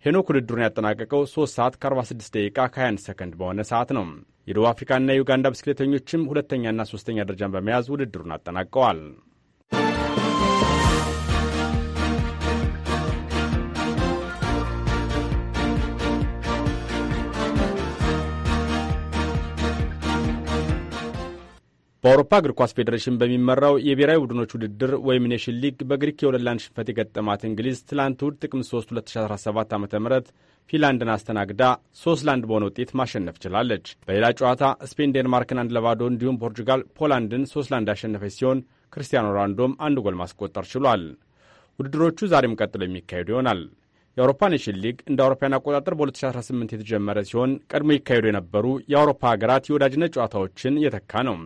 ሄኖክ ውድድሩን ያጠናቀቀው 3 ሰዓት ከ46 ደቂቃ ከ21 ሰከንድ በሆነ ሰዓት ነው። የደቡብ አፍሪካና የዩጋንዳ ብስክሌተኞችም ሁለተኛና ሦስተኛ ደረጃን በመያዝ ውድድሩን አጠናቀዋል። በአውሮፓ እግር ኳስ ፌዴሬሽን በሚመራው የብሔራዊ ቡድኖች ውድድር ወይም ኔሽን ሊግ በግሪክ የሁለት ሽንፈት የገጠማት እንግሊዝ ትላንት እሁድ ጥቅምት 3 2017 ዓ ም ፊንላንድን አስተናግዳ ሶስት ለአንድ በሆነ ውጤት ማሸነፍ ችላለች። በሌላ ጨዋታ ስፔን ዴንማርክን አንድ ለባዶ እንዲሁም ፖርቹጋል ፖላንድን ሶስት ለአንድ ያሸነፈች ሲሆን ክርስቲያኖ ሮናልዶም አንድ ጎል ማስቆጠር ችሏል። ውድድሮቹ ዛሬም ቀጥሎ የሚካሄዱ ይሆናል። የአውሮፓ ኔሽን ሊግ እንደ አውሮፓውያን አቆጣጠር በ2018 የተጀመረ ሲሆን ቀድሞ ይካሄዱ የነበሩ የአውሮፓ ሀገራት የወዳጅነት ጨዋታዎችን እየተካ ነው።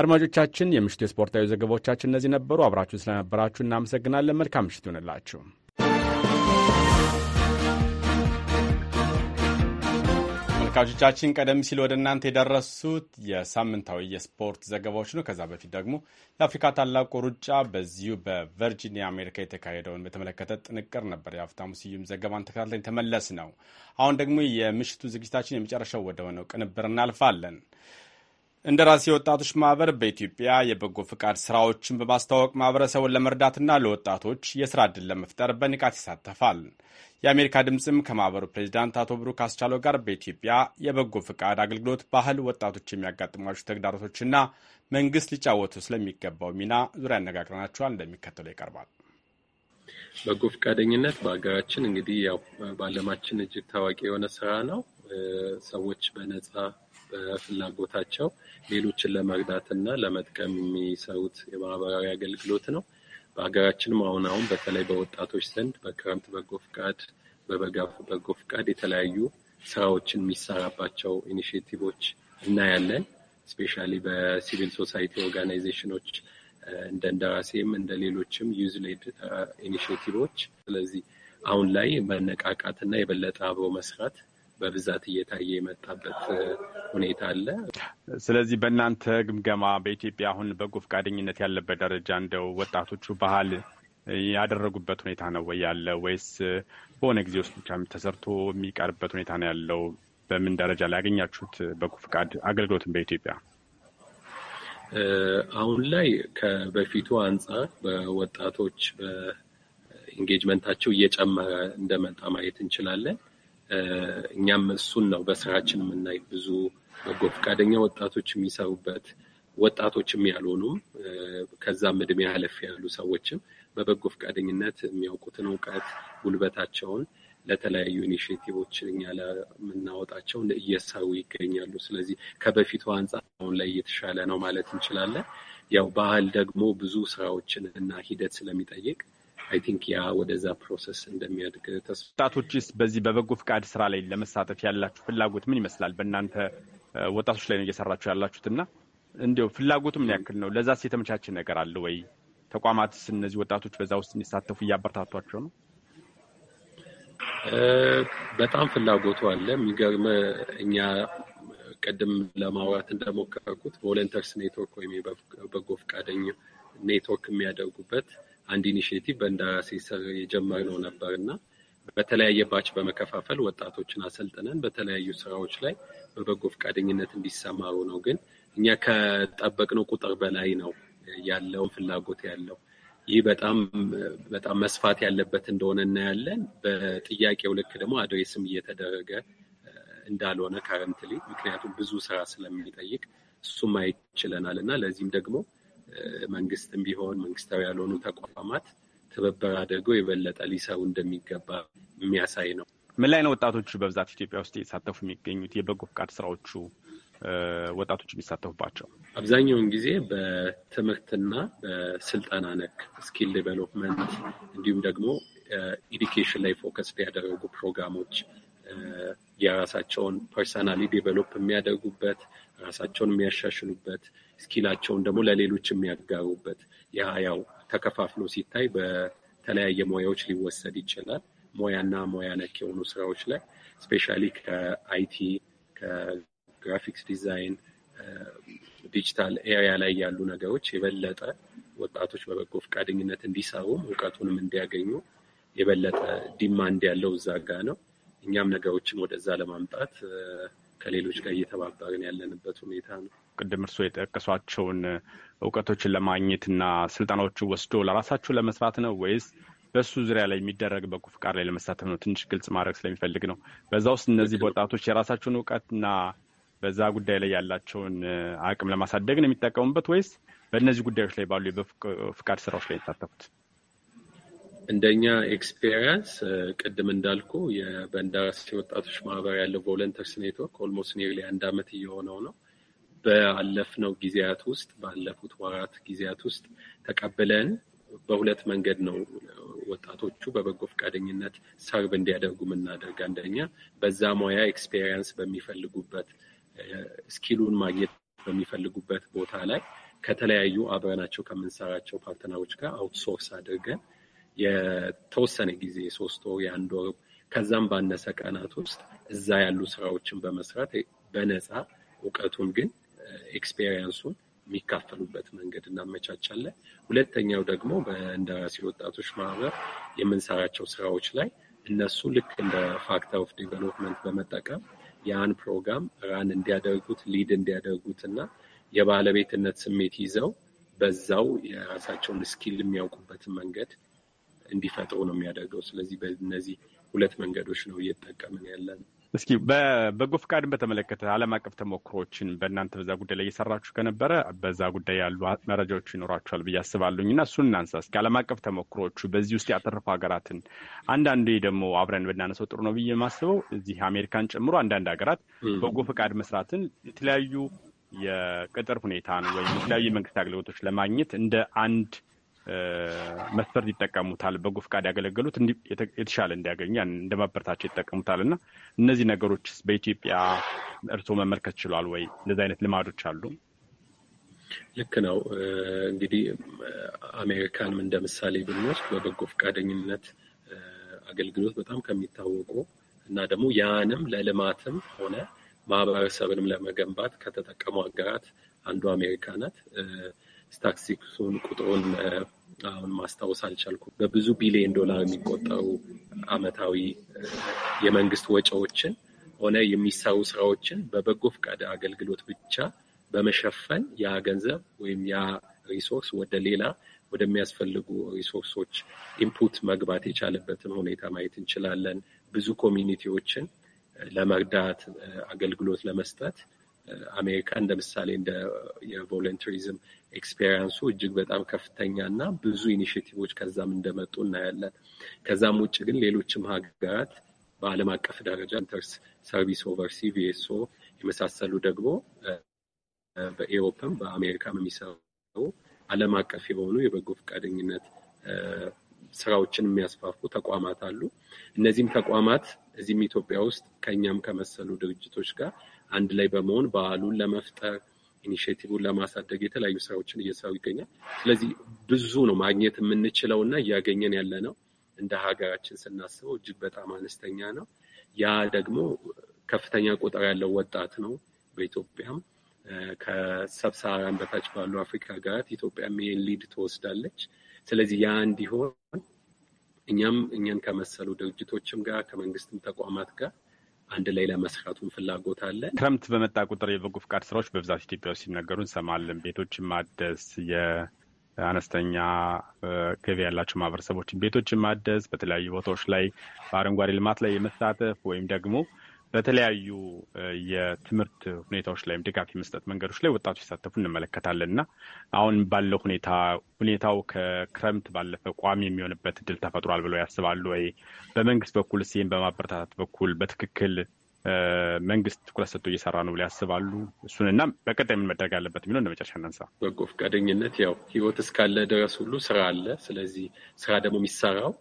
አድማጮቻችን፣ የምሽቱ የስፖርታዊ ዘገባዎቻችን እነዚህ ነበሩ። አብራችሁ ስለነበራችሁ እናመሰግናለን። መልካም ምሽት ይሆንላችሁ። ተመልካቾቻችን ቀደም ሲል ወደ እናንተ የደረሱት የሳምንታዊ የስፖርት ዘገባዎች ነው። ከዛ በፊት ደግሞ የአፍሪካ ታላቁ ሩጫ በዚሁ በቨርጂኒያ አሜሪካ የተካሄደውን በተመለከተ ጥንቅር ነበር። የሀብታሙ ስዩም ዘገባን ተከታትለን ተመለስ ነው። አሁን ደግሞ የምሽቱ ዝግጅታችን የመጨረሻው ወደሆነው ቅንብር እናልፋለን። እንደራሴ የወጣቶች ማህበር በኢትዮጵያ የበጎ ፍቃድ ስራዎችን በማስተዋወቅ ማህበረሰቡን ለመርዳትና ለወጣቶች የስራ እድል ለመፍጠር በንቃት ይሳተፋል። የአሜሪካ ድምፅም ከማህበሩ ፕሬዚዳንት አቶ ብሩክ አስቻሎ ጋር በኢትዮጵያ የበጎ ፍቃድ አገልግሎት ባህል ወጣቶች የሚያጋጥሟቸው ተግዳሮቶችና መንግስት ሊጫወቱ ስለሚገባው ሚና ዙሪያ ያነጋግረናቸዋል። እንደሚከተለው ይቀርባል። በጎ ፍቃደኝነት በሀገራችን እንግዲህ ያው በዓለማችን እጅግ ታዋቂ የሆነ ስራ ነው። ሰዎች በነጻ በፍላጎታቸው ሌሎችን ለመርዳትና ለመጥቀም የሚሰሩት የማህበራዊ አገልግሎት ነው። በሀገራችንም አሁን አሁን በተለይ በወጣቶች ዘንድ በክረምት በጎ ፍቃድ፣ በበጋ በጎ ፍቃድ የተለያዩ ስራዎችን የሚሰራባቸው ኢኒሽቲቮች እናያለን። ስፔሻሊ በሲቪል ሶሳይቲ ኦርጋናይዜሽኖች እንደ እንደራሴም እንደ ሌሎችም ዩዝ ሌድ ኢኒሽቲቮች። ስለዚህ አሁን ላይ መነቃቃትና የበለጠ አብሮ መስራት በብዛት እየታየ የመጣበት ሁኔታ አለ። ስለዚህ በእናንተ ግምገማ በኢትዮጵያ አሁን በጎ ፈቃደኝነት ያለበት ደረጃ እንደው ወጣቶቹ ባህል ያደረጉበት ሁኔታ ነው ወይ ያለ ወይስ በሆነ ጊዜ ውስጥ ብቻ ተሰርቶ የሚቀርበት ሁኔታ ነው ያለው? በምን ደረጃ ላይ ያገኛችሁት በጎ ፈቃድ አገልግሎትን በኢትዮጵያ አሁን ላይ ከበፊቱ አንጻር በወጣቶች በኢንጌጅመንታቸው እየጨመረ እንደመጣ ማየት እንችላለን። እኛም እሱን ነው በስራችን የምናይ ብዙ በጎ ፈቃደኛ ወጣቶች የሚሰሩበት ወጣቶችም ያልሆኑም ከዛም እድሜ ያለፍ ያሉ ሰዎችም በበጎ ፈቃደኝነት የሚያውቁትን እውቀት ጉልበታቸውን ለተለያዩ ኢኒሽቲቮች እኛ ለምናወጣቸው እየሰሩ ይገኛሉ። ስለዚህ ከበፊቱ አንጻር አሁን ላይ እየተሻለ ነው ማለት እንችላለን። ያው ባህል ደግሞ ብዙ ስራዎችን እና ሂደት ስለሚጠይቅ አይ ቲንክ ያ ወደዛ ፕሮሰስ እንደሚያድግ ተስፋ። ወጣቶችስ በዚህ በበጎ ፍቃድ ስራ ላይ ለመሳተፍ ያላችሁ ፍላጎት ምን ይመስላል? በእናንተ ወጣቶች ላይ ነው እየሰራችሁ ያላችሁት እና እንዲው ፍላጎቱ ምን ያክል ነው? ለዛስ የተመቻቸ ነገር አለ ወይ? ተቋማትስ እነዚህ ወጣቶች በዛ ውስጥ እንዲሳተፉ እያበረታቷቸው ነው? በጣም ፍላጎቱ አለ። የሚገርም እኛ ቅድም ለማውራት እንደሞከርኩት ቮለንተርስ ኔትወርክ ወይም በጎ ፈቃደኛ ኔትወርክ የሚያደርጉበት አንድ ኢኒሽቲቭ በእንደራሴ ስር የጀመርነው ነበር እና በተለያየ ባች በመከፋፈል ወጣቶችን አሰልጥነን በተለያዩ ስራዎች ላይ በበጎ ፈቃደኝነት እንዲሰማሩ ነው። ግን እኛ ከጠበቅነው ቁጥር በላይ ነው ያለውን ፍላጎት ያለው ይህ በጣም በጣም መስፋት ያለበት እንደሆነ እናያለን። በጥያቄው ልክ ደግሞ አድሬስም እየተደረገ እንዳልሆነ ካረንትሊ፣ ምክንያቱም ብዙ ስራ ስለሚጠይቅ እሱም ማየት እና ለዚህም ደግሞ መንግስትም ቢሆን መንግስታዊ ያልሆኑ ተቋማት ትብብር አድርገው የበለጠ ሊሰሩ እንደሚገባ የሚያሳይ ነው። ምን ላይ ነው ወጣቶቹ በብዛት ኢትዮጵያ ውስጥ የተሳተፉ የሚገኙት? የበጎ ፍቃድ ስራዎቹ ወጣቶች የሚሳተፉባቸው አብዛኛውን ጊዜ በትምህርትና በስልጠና ነክ ስኪል ዴቨሎፕመንት እንዲሁም ደግሞ ኢዲኬሽን ላይ ፎከስ ያደረጉ ፕሮግራሞች የራሳቸውን ፐርሰናሊ ዴቨሎፕ የሚያደርጉበት ራሳቸውን የሚያሻሽሉበት ስኪላቸውን ደግሞ ለሌሎች የሚያጋሩበት የሀያው ተከፋፍሎ ሲታይ በተለያየ ሙያዎች ሊወሰድ ይችላል። ሙያና ሙያ ነክ የሆኑ ስራዎች ላይ ስፔሻሊ ከአይቲ ከግራፊክስ ዲዛይን ዲጂታል ኤሪያ ላይ ያሉ ነገሮች የበለጠ ወጣቶች በበጎ ፈቃደኝነት እንዲሰሩም እውቀቱንም እንዲያገኙ የበለጠ ዲማንድ ያለው እዛ ጋ ነው። እኛም ነገሮችን ወደዛ ለማምጣት ከሌሎች ጋር እየተባበርን ያለንበት ሁኔታ ነው። ቅድም እርስዎ የጠቀሷቸውን እውቀቶችን ለማግኘትና ስልጠናዎችን ወስዶ ለራሳቸው ለመስራት ነው ወይስ በእሱ ዙሪያ ላይ የሚደረግ በጎ ፍቃድ ላይ ለመሳተፍ ነው? ትንሽ ግልጽ ማድረግ ስለሚፈልግ ነው። በዛ ውስጥ እነዚህ ወጣቶች የራሳቸውን እውቀትና በዛ ጉዳይ ላይ ያላቸውን አቅም ለማሳደግ ነው የሚጠቀሙበት ወይስ በእነዚህ ጉዳዮች ላይ ባሉ ፍቃድ ስራዎች ላይ የሚሳተፉት? እንደኛ ኤክስፔሪንስ ቅድም እንዳልኩ በእንዳራሴ ወጣቶች ማህበር ያለው ቮለንተርስ ኔትወርክ ኦልሞስት ኒርሊ አንድ አመት እየሆነው ነው። በአለፍነው ጊዜያት ውስጥ ባለፉት ወራት ጊዜያት ውስጥ ተቀብለን በሁለት መንገድ ነው ወጣቶቹ በበጎ ፈቃደኝነት ሰርብ እንዲያደርጉ የምናደርግ። አንደኛ በዛ ሙያ ኤክስፔሪንስ በሚፈልጉበት ስኪሉን ማግኘት በሚፈልጉበት ቦታ ላይ ከተለያዩ አብረናቸው ከምንሰራቸው ፓርትነሮች ጋር አውትሶርስ አድርገን የተወሰነ ጊዜ ሶስት ወር የአንድ ወር ከዛም ባነሰ ቀናት ውስጥ እዛ ያሉ ስራዎችን በመስራት በነፃ እውቀቱን ግን ኤክስፔሪንሱን የሚካፈሉበት መንገድ እናመቻቻለን። ሁለተኛው ደግሞ በእንደራሴ ወጣቶች ማህበር የምንሰራቸው ስራዎች ላይ እነሱ ልክ እንደ ፋክተር ኦፍ ዲቨሎፕመንት በመጠቀም ያን ፕሮግራም ራን እንዲያደርጉት ሊድ እንዲያደርጉት እና የባለቤትነት ስሜት ይዘው በዛው የራሳቸውን ስኪል የሚያውቁበትን መንገድ እንዲፈጥሩ ነው የሚያደርገው። ስለዚህ በእነዚህ ሁለት መንገዶች ነው እየተጠቀምን ያለን። እስኪ በበጎ ፈቃድን በተመለከተ ዓለም አቀፍ ተሞክሮዎችን በእናንተ በዛ ጉዳይ ላይ እየሰራችሁ ከነበረ በዛ ጉዳይ ያሉ መረጃዎች ይኖራችኋል ብዬ አስባለሁኝ እና እሱን እናንሳ እስኪ ዓለም አቀፍ ተሞክሮዎቹ በዚህ ውስጥ ያተረፉ ሀገራትን አንዳንዱ ደግሞ አብረን ብናነሰው ጥሩ ነው ብዬ የማስበው እዚህ አሜሪካን ጨምሮ አንዳንድ ሀገራት በጎ ፈቃድ መስራትን የተለያዩ የቅጥር ሁኔታን ወይም የተለያዩ የመንግስት አገልግሎቶች ለማግኘት እንደ አንድ መስፈርት ይጠቀሙታል። በጎ ፈቃድ ያገለገሉት የተሻለ እንዲያገኙ ያን እንደ ማበረታቸው ይጠቀሙታል። እና እነዚህ ነገሮችስ በኢትዮጵያ እርስዎ መመልከት ችሏል ወይ? እንደዚህ አይነት ልማዶች አሉ? ልክ ነው። እንግዲህ አሜሪካንም እንደ ምሳሌ ብንወስድ በበጎ ፈቃደኝነት አገልግሎት በጣም ከሚታወቁ እና ደግሞ ያንም ለልማትም ሆነ ማህበረሰብንም ለመገንባት ከተጠቀሙ ሀገራት አንዱ አሜሪካ ናት። ስታክሲክሱን ቁጥሩን አሁን ማስታወስ አልቻልኩ። በብዙ ቢሊዮን ዶላር የሚቆጠሩ አመታዊ የመንግስት ወጪዎችን ሆነ የሚሰሩ ስራዎችን በበጎ ፈቃድ አገልግሎት ብቻ በመሸፈን ያ ገንዘብ ወይም ያ ሪሶርስ ወደ ሌላ ወደሚያስፈልጉ ሪሶርሶች ኢንፑት መግባት የቻለበትን ሁኔታ ማየት እንችላለን። ብዙ ኮሚኒቲዎችን ለመርዳት አገልግሎት ለመስጠት አሜሪካ እንደ ምሳሌ እንደ የቮለንተሪዝም ኤክስፔሪንሱ እጅግ በጣም ከፍተኛ እና ብዙ ኢኒሽቲቮች ከዛም እንደመጡ እናያለን። ከዛም ውጭ ግን ሌሎችም ሀገራት በዓለም አቀፍ ደረጃ ኢንተርስ ሰርቪስ ኦቨርሲ ቪኤስኦ የመሳሰሉ ደግሞ በኤሮፕም በአሜሪካም የሚሰሩ ዓለም አቀፍ የሆኑ የበጎ ፈቃደኝነት ስራዎችን የሚያስፋፉ ተቋማት አሉ። እነዚህም ተቋማት እዚህም ኢትዮጵያ ውስጥ ከእኛም ከመሰሉ ድርጅቶች ጋር አንድ ላይ በመሆን በዓሉን ለመፍጠር ኢኒሽቲቭን ለማሳደግ የተለያዩ ስራዎችን እየሰሩ ይገኛል። ስለዚህ ብዙ ነው ማግኘት የምንችለው እና እያገኘን ያለ ነው። እንደ ሀገራችን ስናስበው እጅግ በጣም አነስተኛ ነው። ያ ደግሞ ከፍተኛ ቁጥር ያለው ወጣት ነው። በኢትዮጵያም ከሰብሳራን በታች ባሉ አፍሪካ ሀገራት ኢትዮጵያ ሜን ሊድ ትወስዳለች። ስለዚህ ያ እንዲሆን እኛም እኛን ከመሰሉ ድርጅቶችም ጋር ከመንግስትም ተቋማት ጋር አንድ ላይ ለመስራቱን ፍላጎት አለ። ክረምት በመጣ ቁጥር የበጎ ፍቃድ ስራዎች በብዛት ኢትዮጵያ ውስጥ ሲነገሩ እንሰማለን። ቤቶችን ማደስ፣ የአነስተኛ ገቢ ያላቸው ማህበረሰቦችን ቤቶችን ማደስ፣ በተለያዩ ቦታዎች ላይ በአረንጓዴ ልማት ላይ የመሳተፍ ወይም ደግሞ በተለያዩ የትምህርት ሁኔታዎች ላይም ድጋፍ የመስጠት መንገዶች ላይ ወጣቶች ሲሳተፉ እንመለከታለን እና አሁን ባለው ሁኔታ ሁኔታው ከክረምት ባለፈ ቋሚ የሚሆንበት እድል ተፈጥሯል ብለው ያስባሉ ወይ? በመንግስት በኩል ሲም በማበረታታት በኩል በትክክል መንግስት ትኩረት ሰጥቶ እየሰራ ነው ብለው ያስባሉ? እሱንና በቀጣይ ምን መደረግ አለበት የሚለው እንደመጨረሻ እናንሳ። በጎ ፈቃደኝነት ያው ህይወት እስካለ ድረስ ሁሉ ስራ አለ። ስለዚህ ስራ ደግሞ የሚሰራው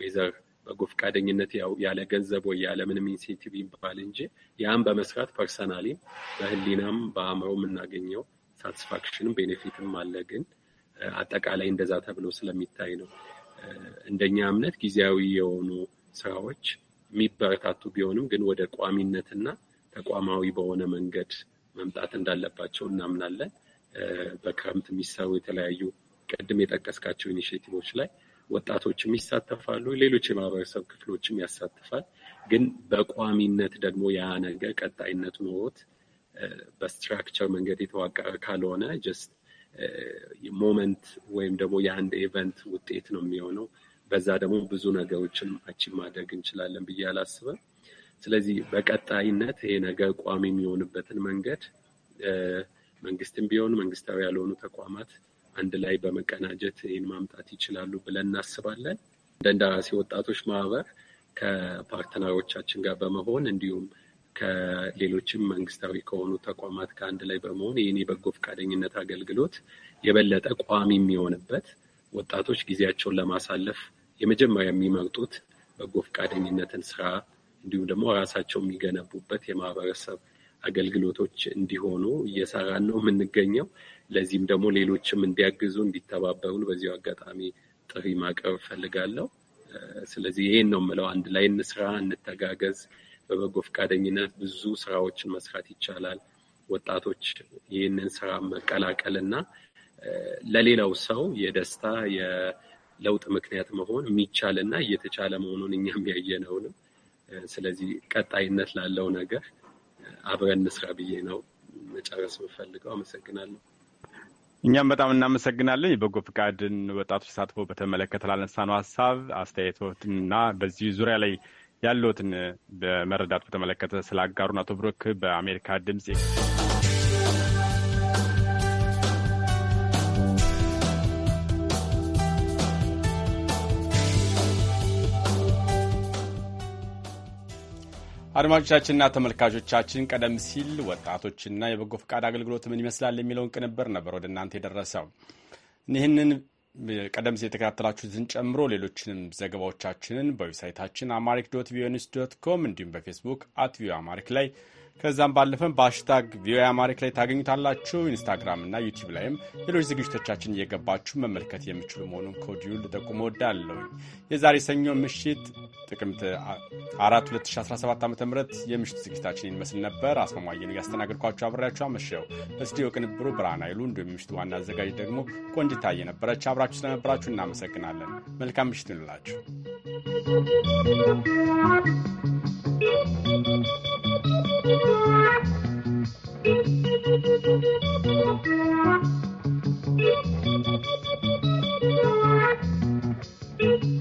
ወይዘር በጎ ፈቃደኝነት ያለ ገንዘብ ወይ ያለ ምንም ኢንሴንቲቭ ይባል እንጂ ያን በመስራት ፐርሰናሊም በህሊናም በአእምሮ የምናገኘው ሳቲስፋክሽንም ቤኔፊትም አለ። ግን አጠቃላይ እንደዛ ተብሎ ስለሚታይ ነው እንደኛ እምነት ጊዜያዊ የሆኑ ስራዎች የሚበረታቱ ቢሆንም ግን ወደ ቋሚነትና ተቋማዊ በሆነ መንገድ መምጣት እንዳለባቸው እናምናለን። በክረምት የሚሰሩ የተለያዩ ቅድም የጠቀስካቸው ኢኒሽቲቮች ላይ ወጣቶችም ይሳተፋሉ፣ ሌሎች የማህበረሰብ ክፍሎችም ያሳትፋል። ግን በቋሚነት ደግሞ ያ ነገር ቀጣይነት ኖሮት በስትራክቸር መንገድ የተዋቀረ ካልሆነ ጀስት ሞመንት ወይም ደግሞ የአንድ ኢቨንት ውጤት ነው የሚሆነው። በዛ ደግሞ ብዙ ነገሮችን አቺቭ ማድረግ እንችላለን ብዬ አላስበም ስለዚህ በቀጣይነት ይሄ ነገር ቋሚ የሚሆንበትን መንገድ መንግስትም ቢሆን መንግስታዊ ያልሆኑ ተቋማት አንድ ላይ በመቀናጀት ይህን ማምጣት ይችላሉ ብለን እናስባለን። እንደ እንደራሴ ወጣቶች ማህበር ከፓርትነሮቻችን ጋር በመሆን እንዲሁም ከሌሎችም መንግስታዊ ከሆኑ ተቋማት ከአንድ ላይ በመሆን ይህን የበጎ ፈቃደኝነት አገልግሎት የበለጠ ቋሚ የሚሆንበት ወጣቶች ጊዜያቸውን ለማሳለፍ የመጀመሪያ የሚመርጡት በጎ ፈቃደኝነትን ስራ እንዲሁም ደግሞ ራሳቸው የሚገነቡበት የማህበረሰብ አገልግሎቶች እንዲሆኑ እየሰራን ነው የምንገኘው። ለዚህም ደግሞ ሌሎችም እንዲያግዙ እንዲተባበሩን በዚሁ አጋጣሚ ጥሪ ማቅረብ እፈልጋለሁ። ስለዚህ ይሄን ነው የምለው፣ አንድ ላይ እንስራ፣ እንተጋገዝ። በበጎ ፈቃደኝነት ብዙ ስራዎችን መስራት ይቻላል። ወጣቶች ይህንን ስራ መቀላቀል እና ለሌላው ሰው የደስታ የለውጥ ምክንያት መሆን የሚቻል እና እየተቻለ መሆኑን እኛም ያየነው ነው። ስለዚህ ቀጣይነት ላለው ነገር አብረን እንስራ ብዬ ነው መጨረስ የምፈልገው። አመሰግናለሁ። እኛም በጣም እናመሰግናለን። የበጎ ፍቃድን ወጣቶች ተሳትፎ በተመለከተ ላነሳነው ሀሳብ እና በዚህ ዙሪያ ላይ ያለትን በመረዳት በተመለከተ ስለ አጋሩን አቶ ብሩክ በአሜሪካ ድምፅ አድማጮቻችንና ተመልካቾቻችን ቀደም ሲል ወጣቶችና የበጎ ፈቃድ አገልግሎት ምን ይመስላል የሚለውን ቅንብር ነበር ወደ እናንተ የደረሰው። ይህንን ቀደም ሲል የተከታተላችሁትን ጨምሮ ሌሎችንም ዘገባዎቻችንን በዌብሳይታችን አማሪክ ዶት ቪኦኤ ኒውስ ዶት ኮም እንዲሁም በፌስቡክ አት ቪኦኤ አማሪክ ላይ ከዛም ባለፈም በሀሽታግ ቪኦኤ አማሪክ ላይ ታገኙታላችሁ። ኢንስታግራም እና ዩቲዩብ ላይም ሌሎች ዝግጅቶቻችን እየገባችሁ መመልከት የሚችሉ መሆኑን ከወዲሁ ልጠቁም እወዳለሁ። የዛሬ ሰኞ ምሽት ጥቅምት 4 2017 ዓ ም የምሽት ዝግጅታችን ይመስል ነበር። አስማማየኑ ያስተናገድኳችሁ አብሬያችሁ አመሸው። በስቱዲዮ ቅንብሩ ብርሃን ኃይሉ እንዲሁም የምሽቱ ዋና አዘጋጅ ደግሞ ቆንጅታ የነበረች። አብራችሁ ስለነበራችሁ እናመሰግናለን። መልካም ምሽት እንላችሁ። Thank you.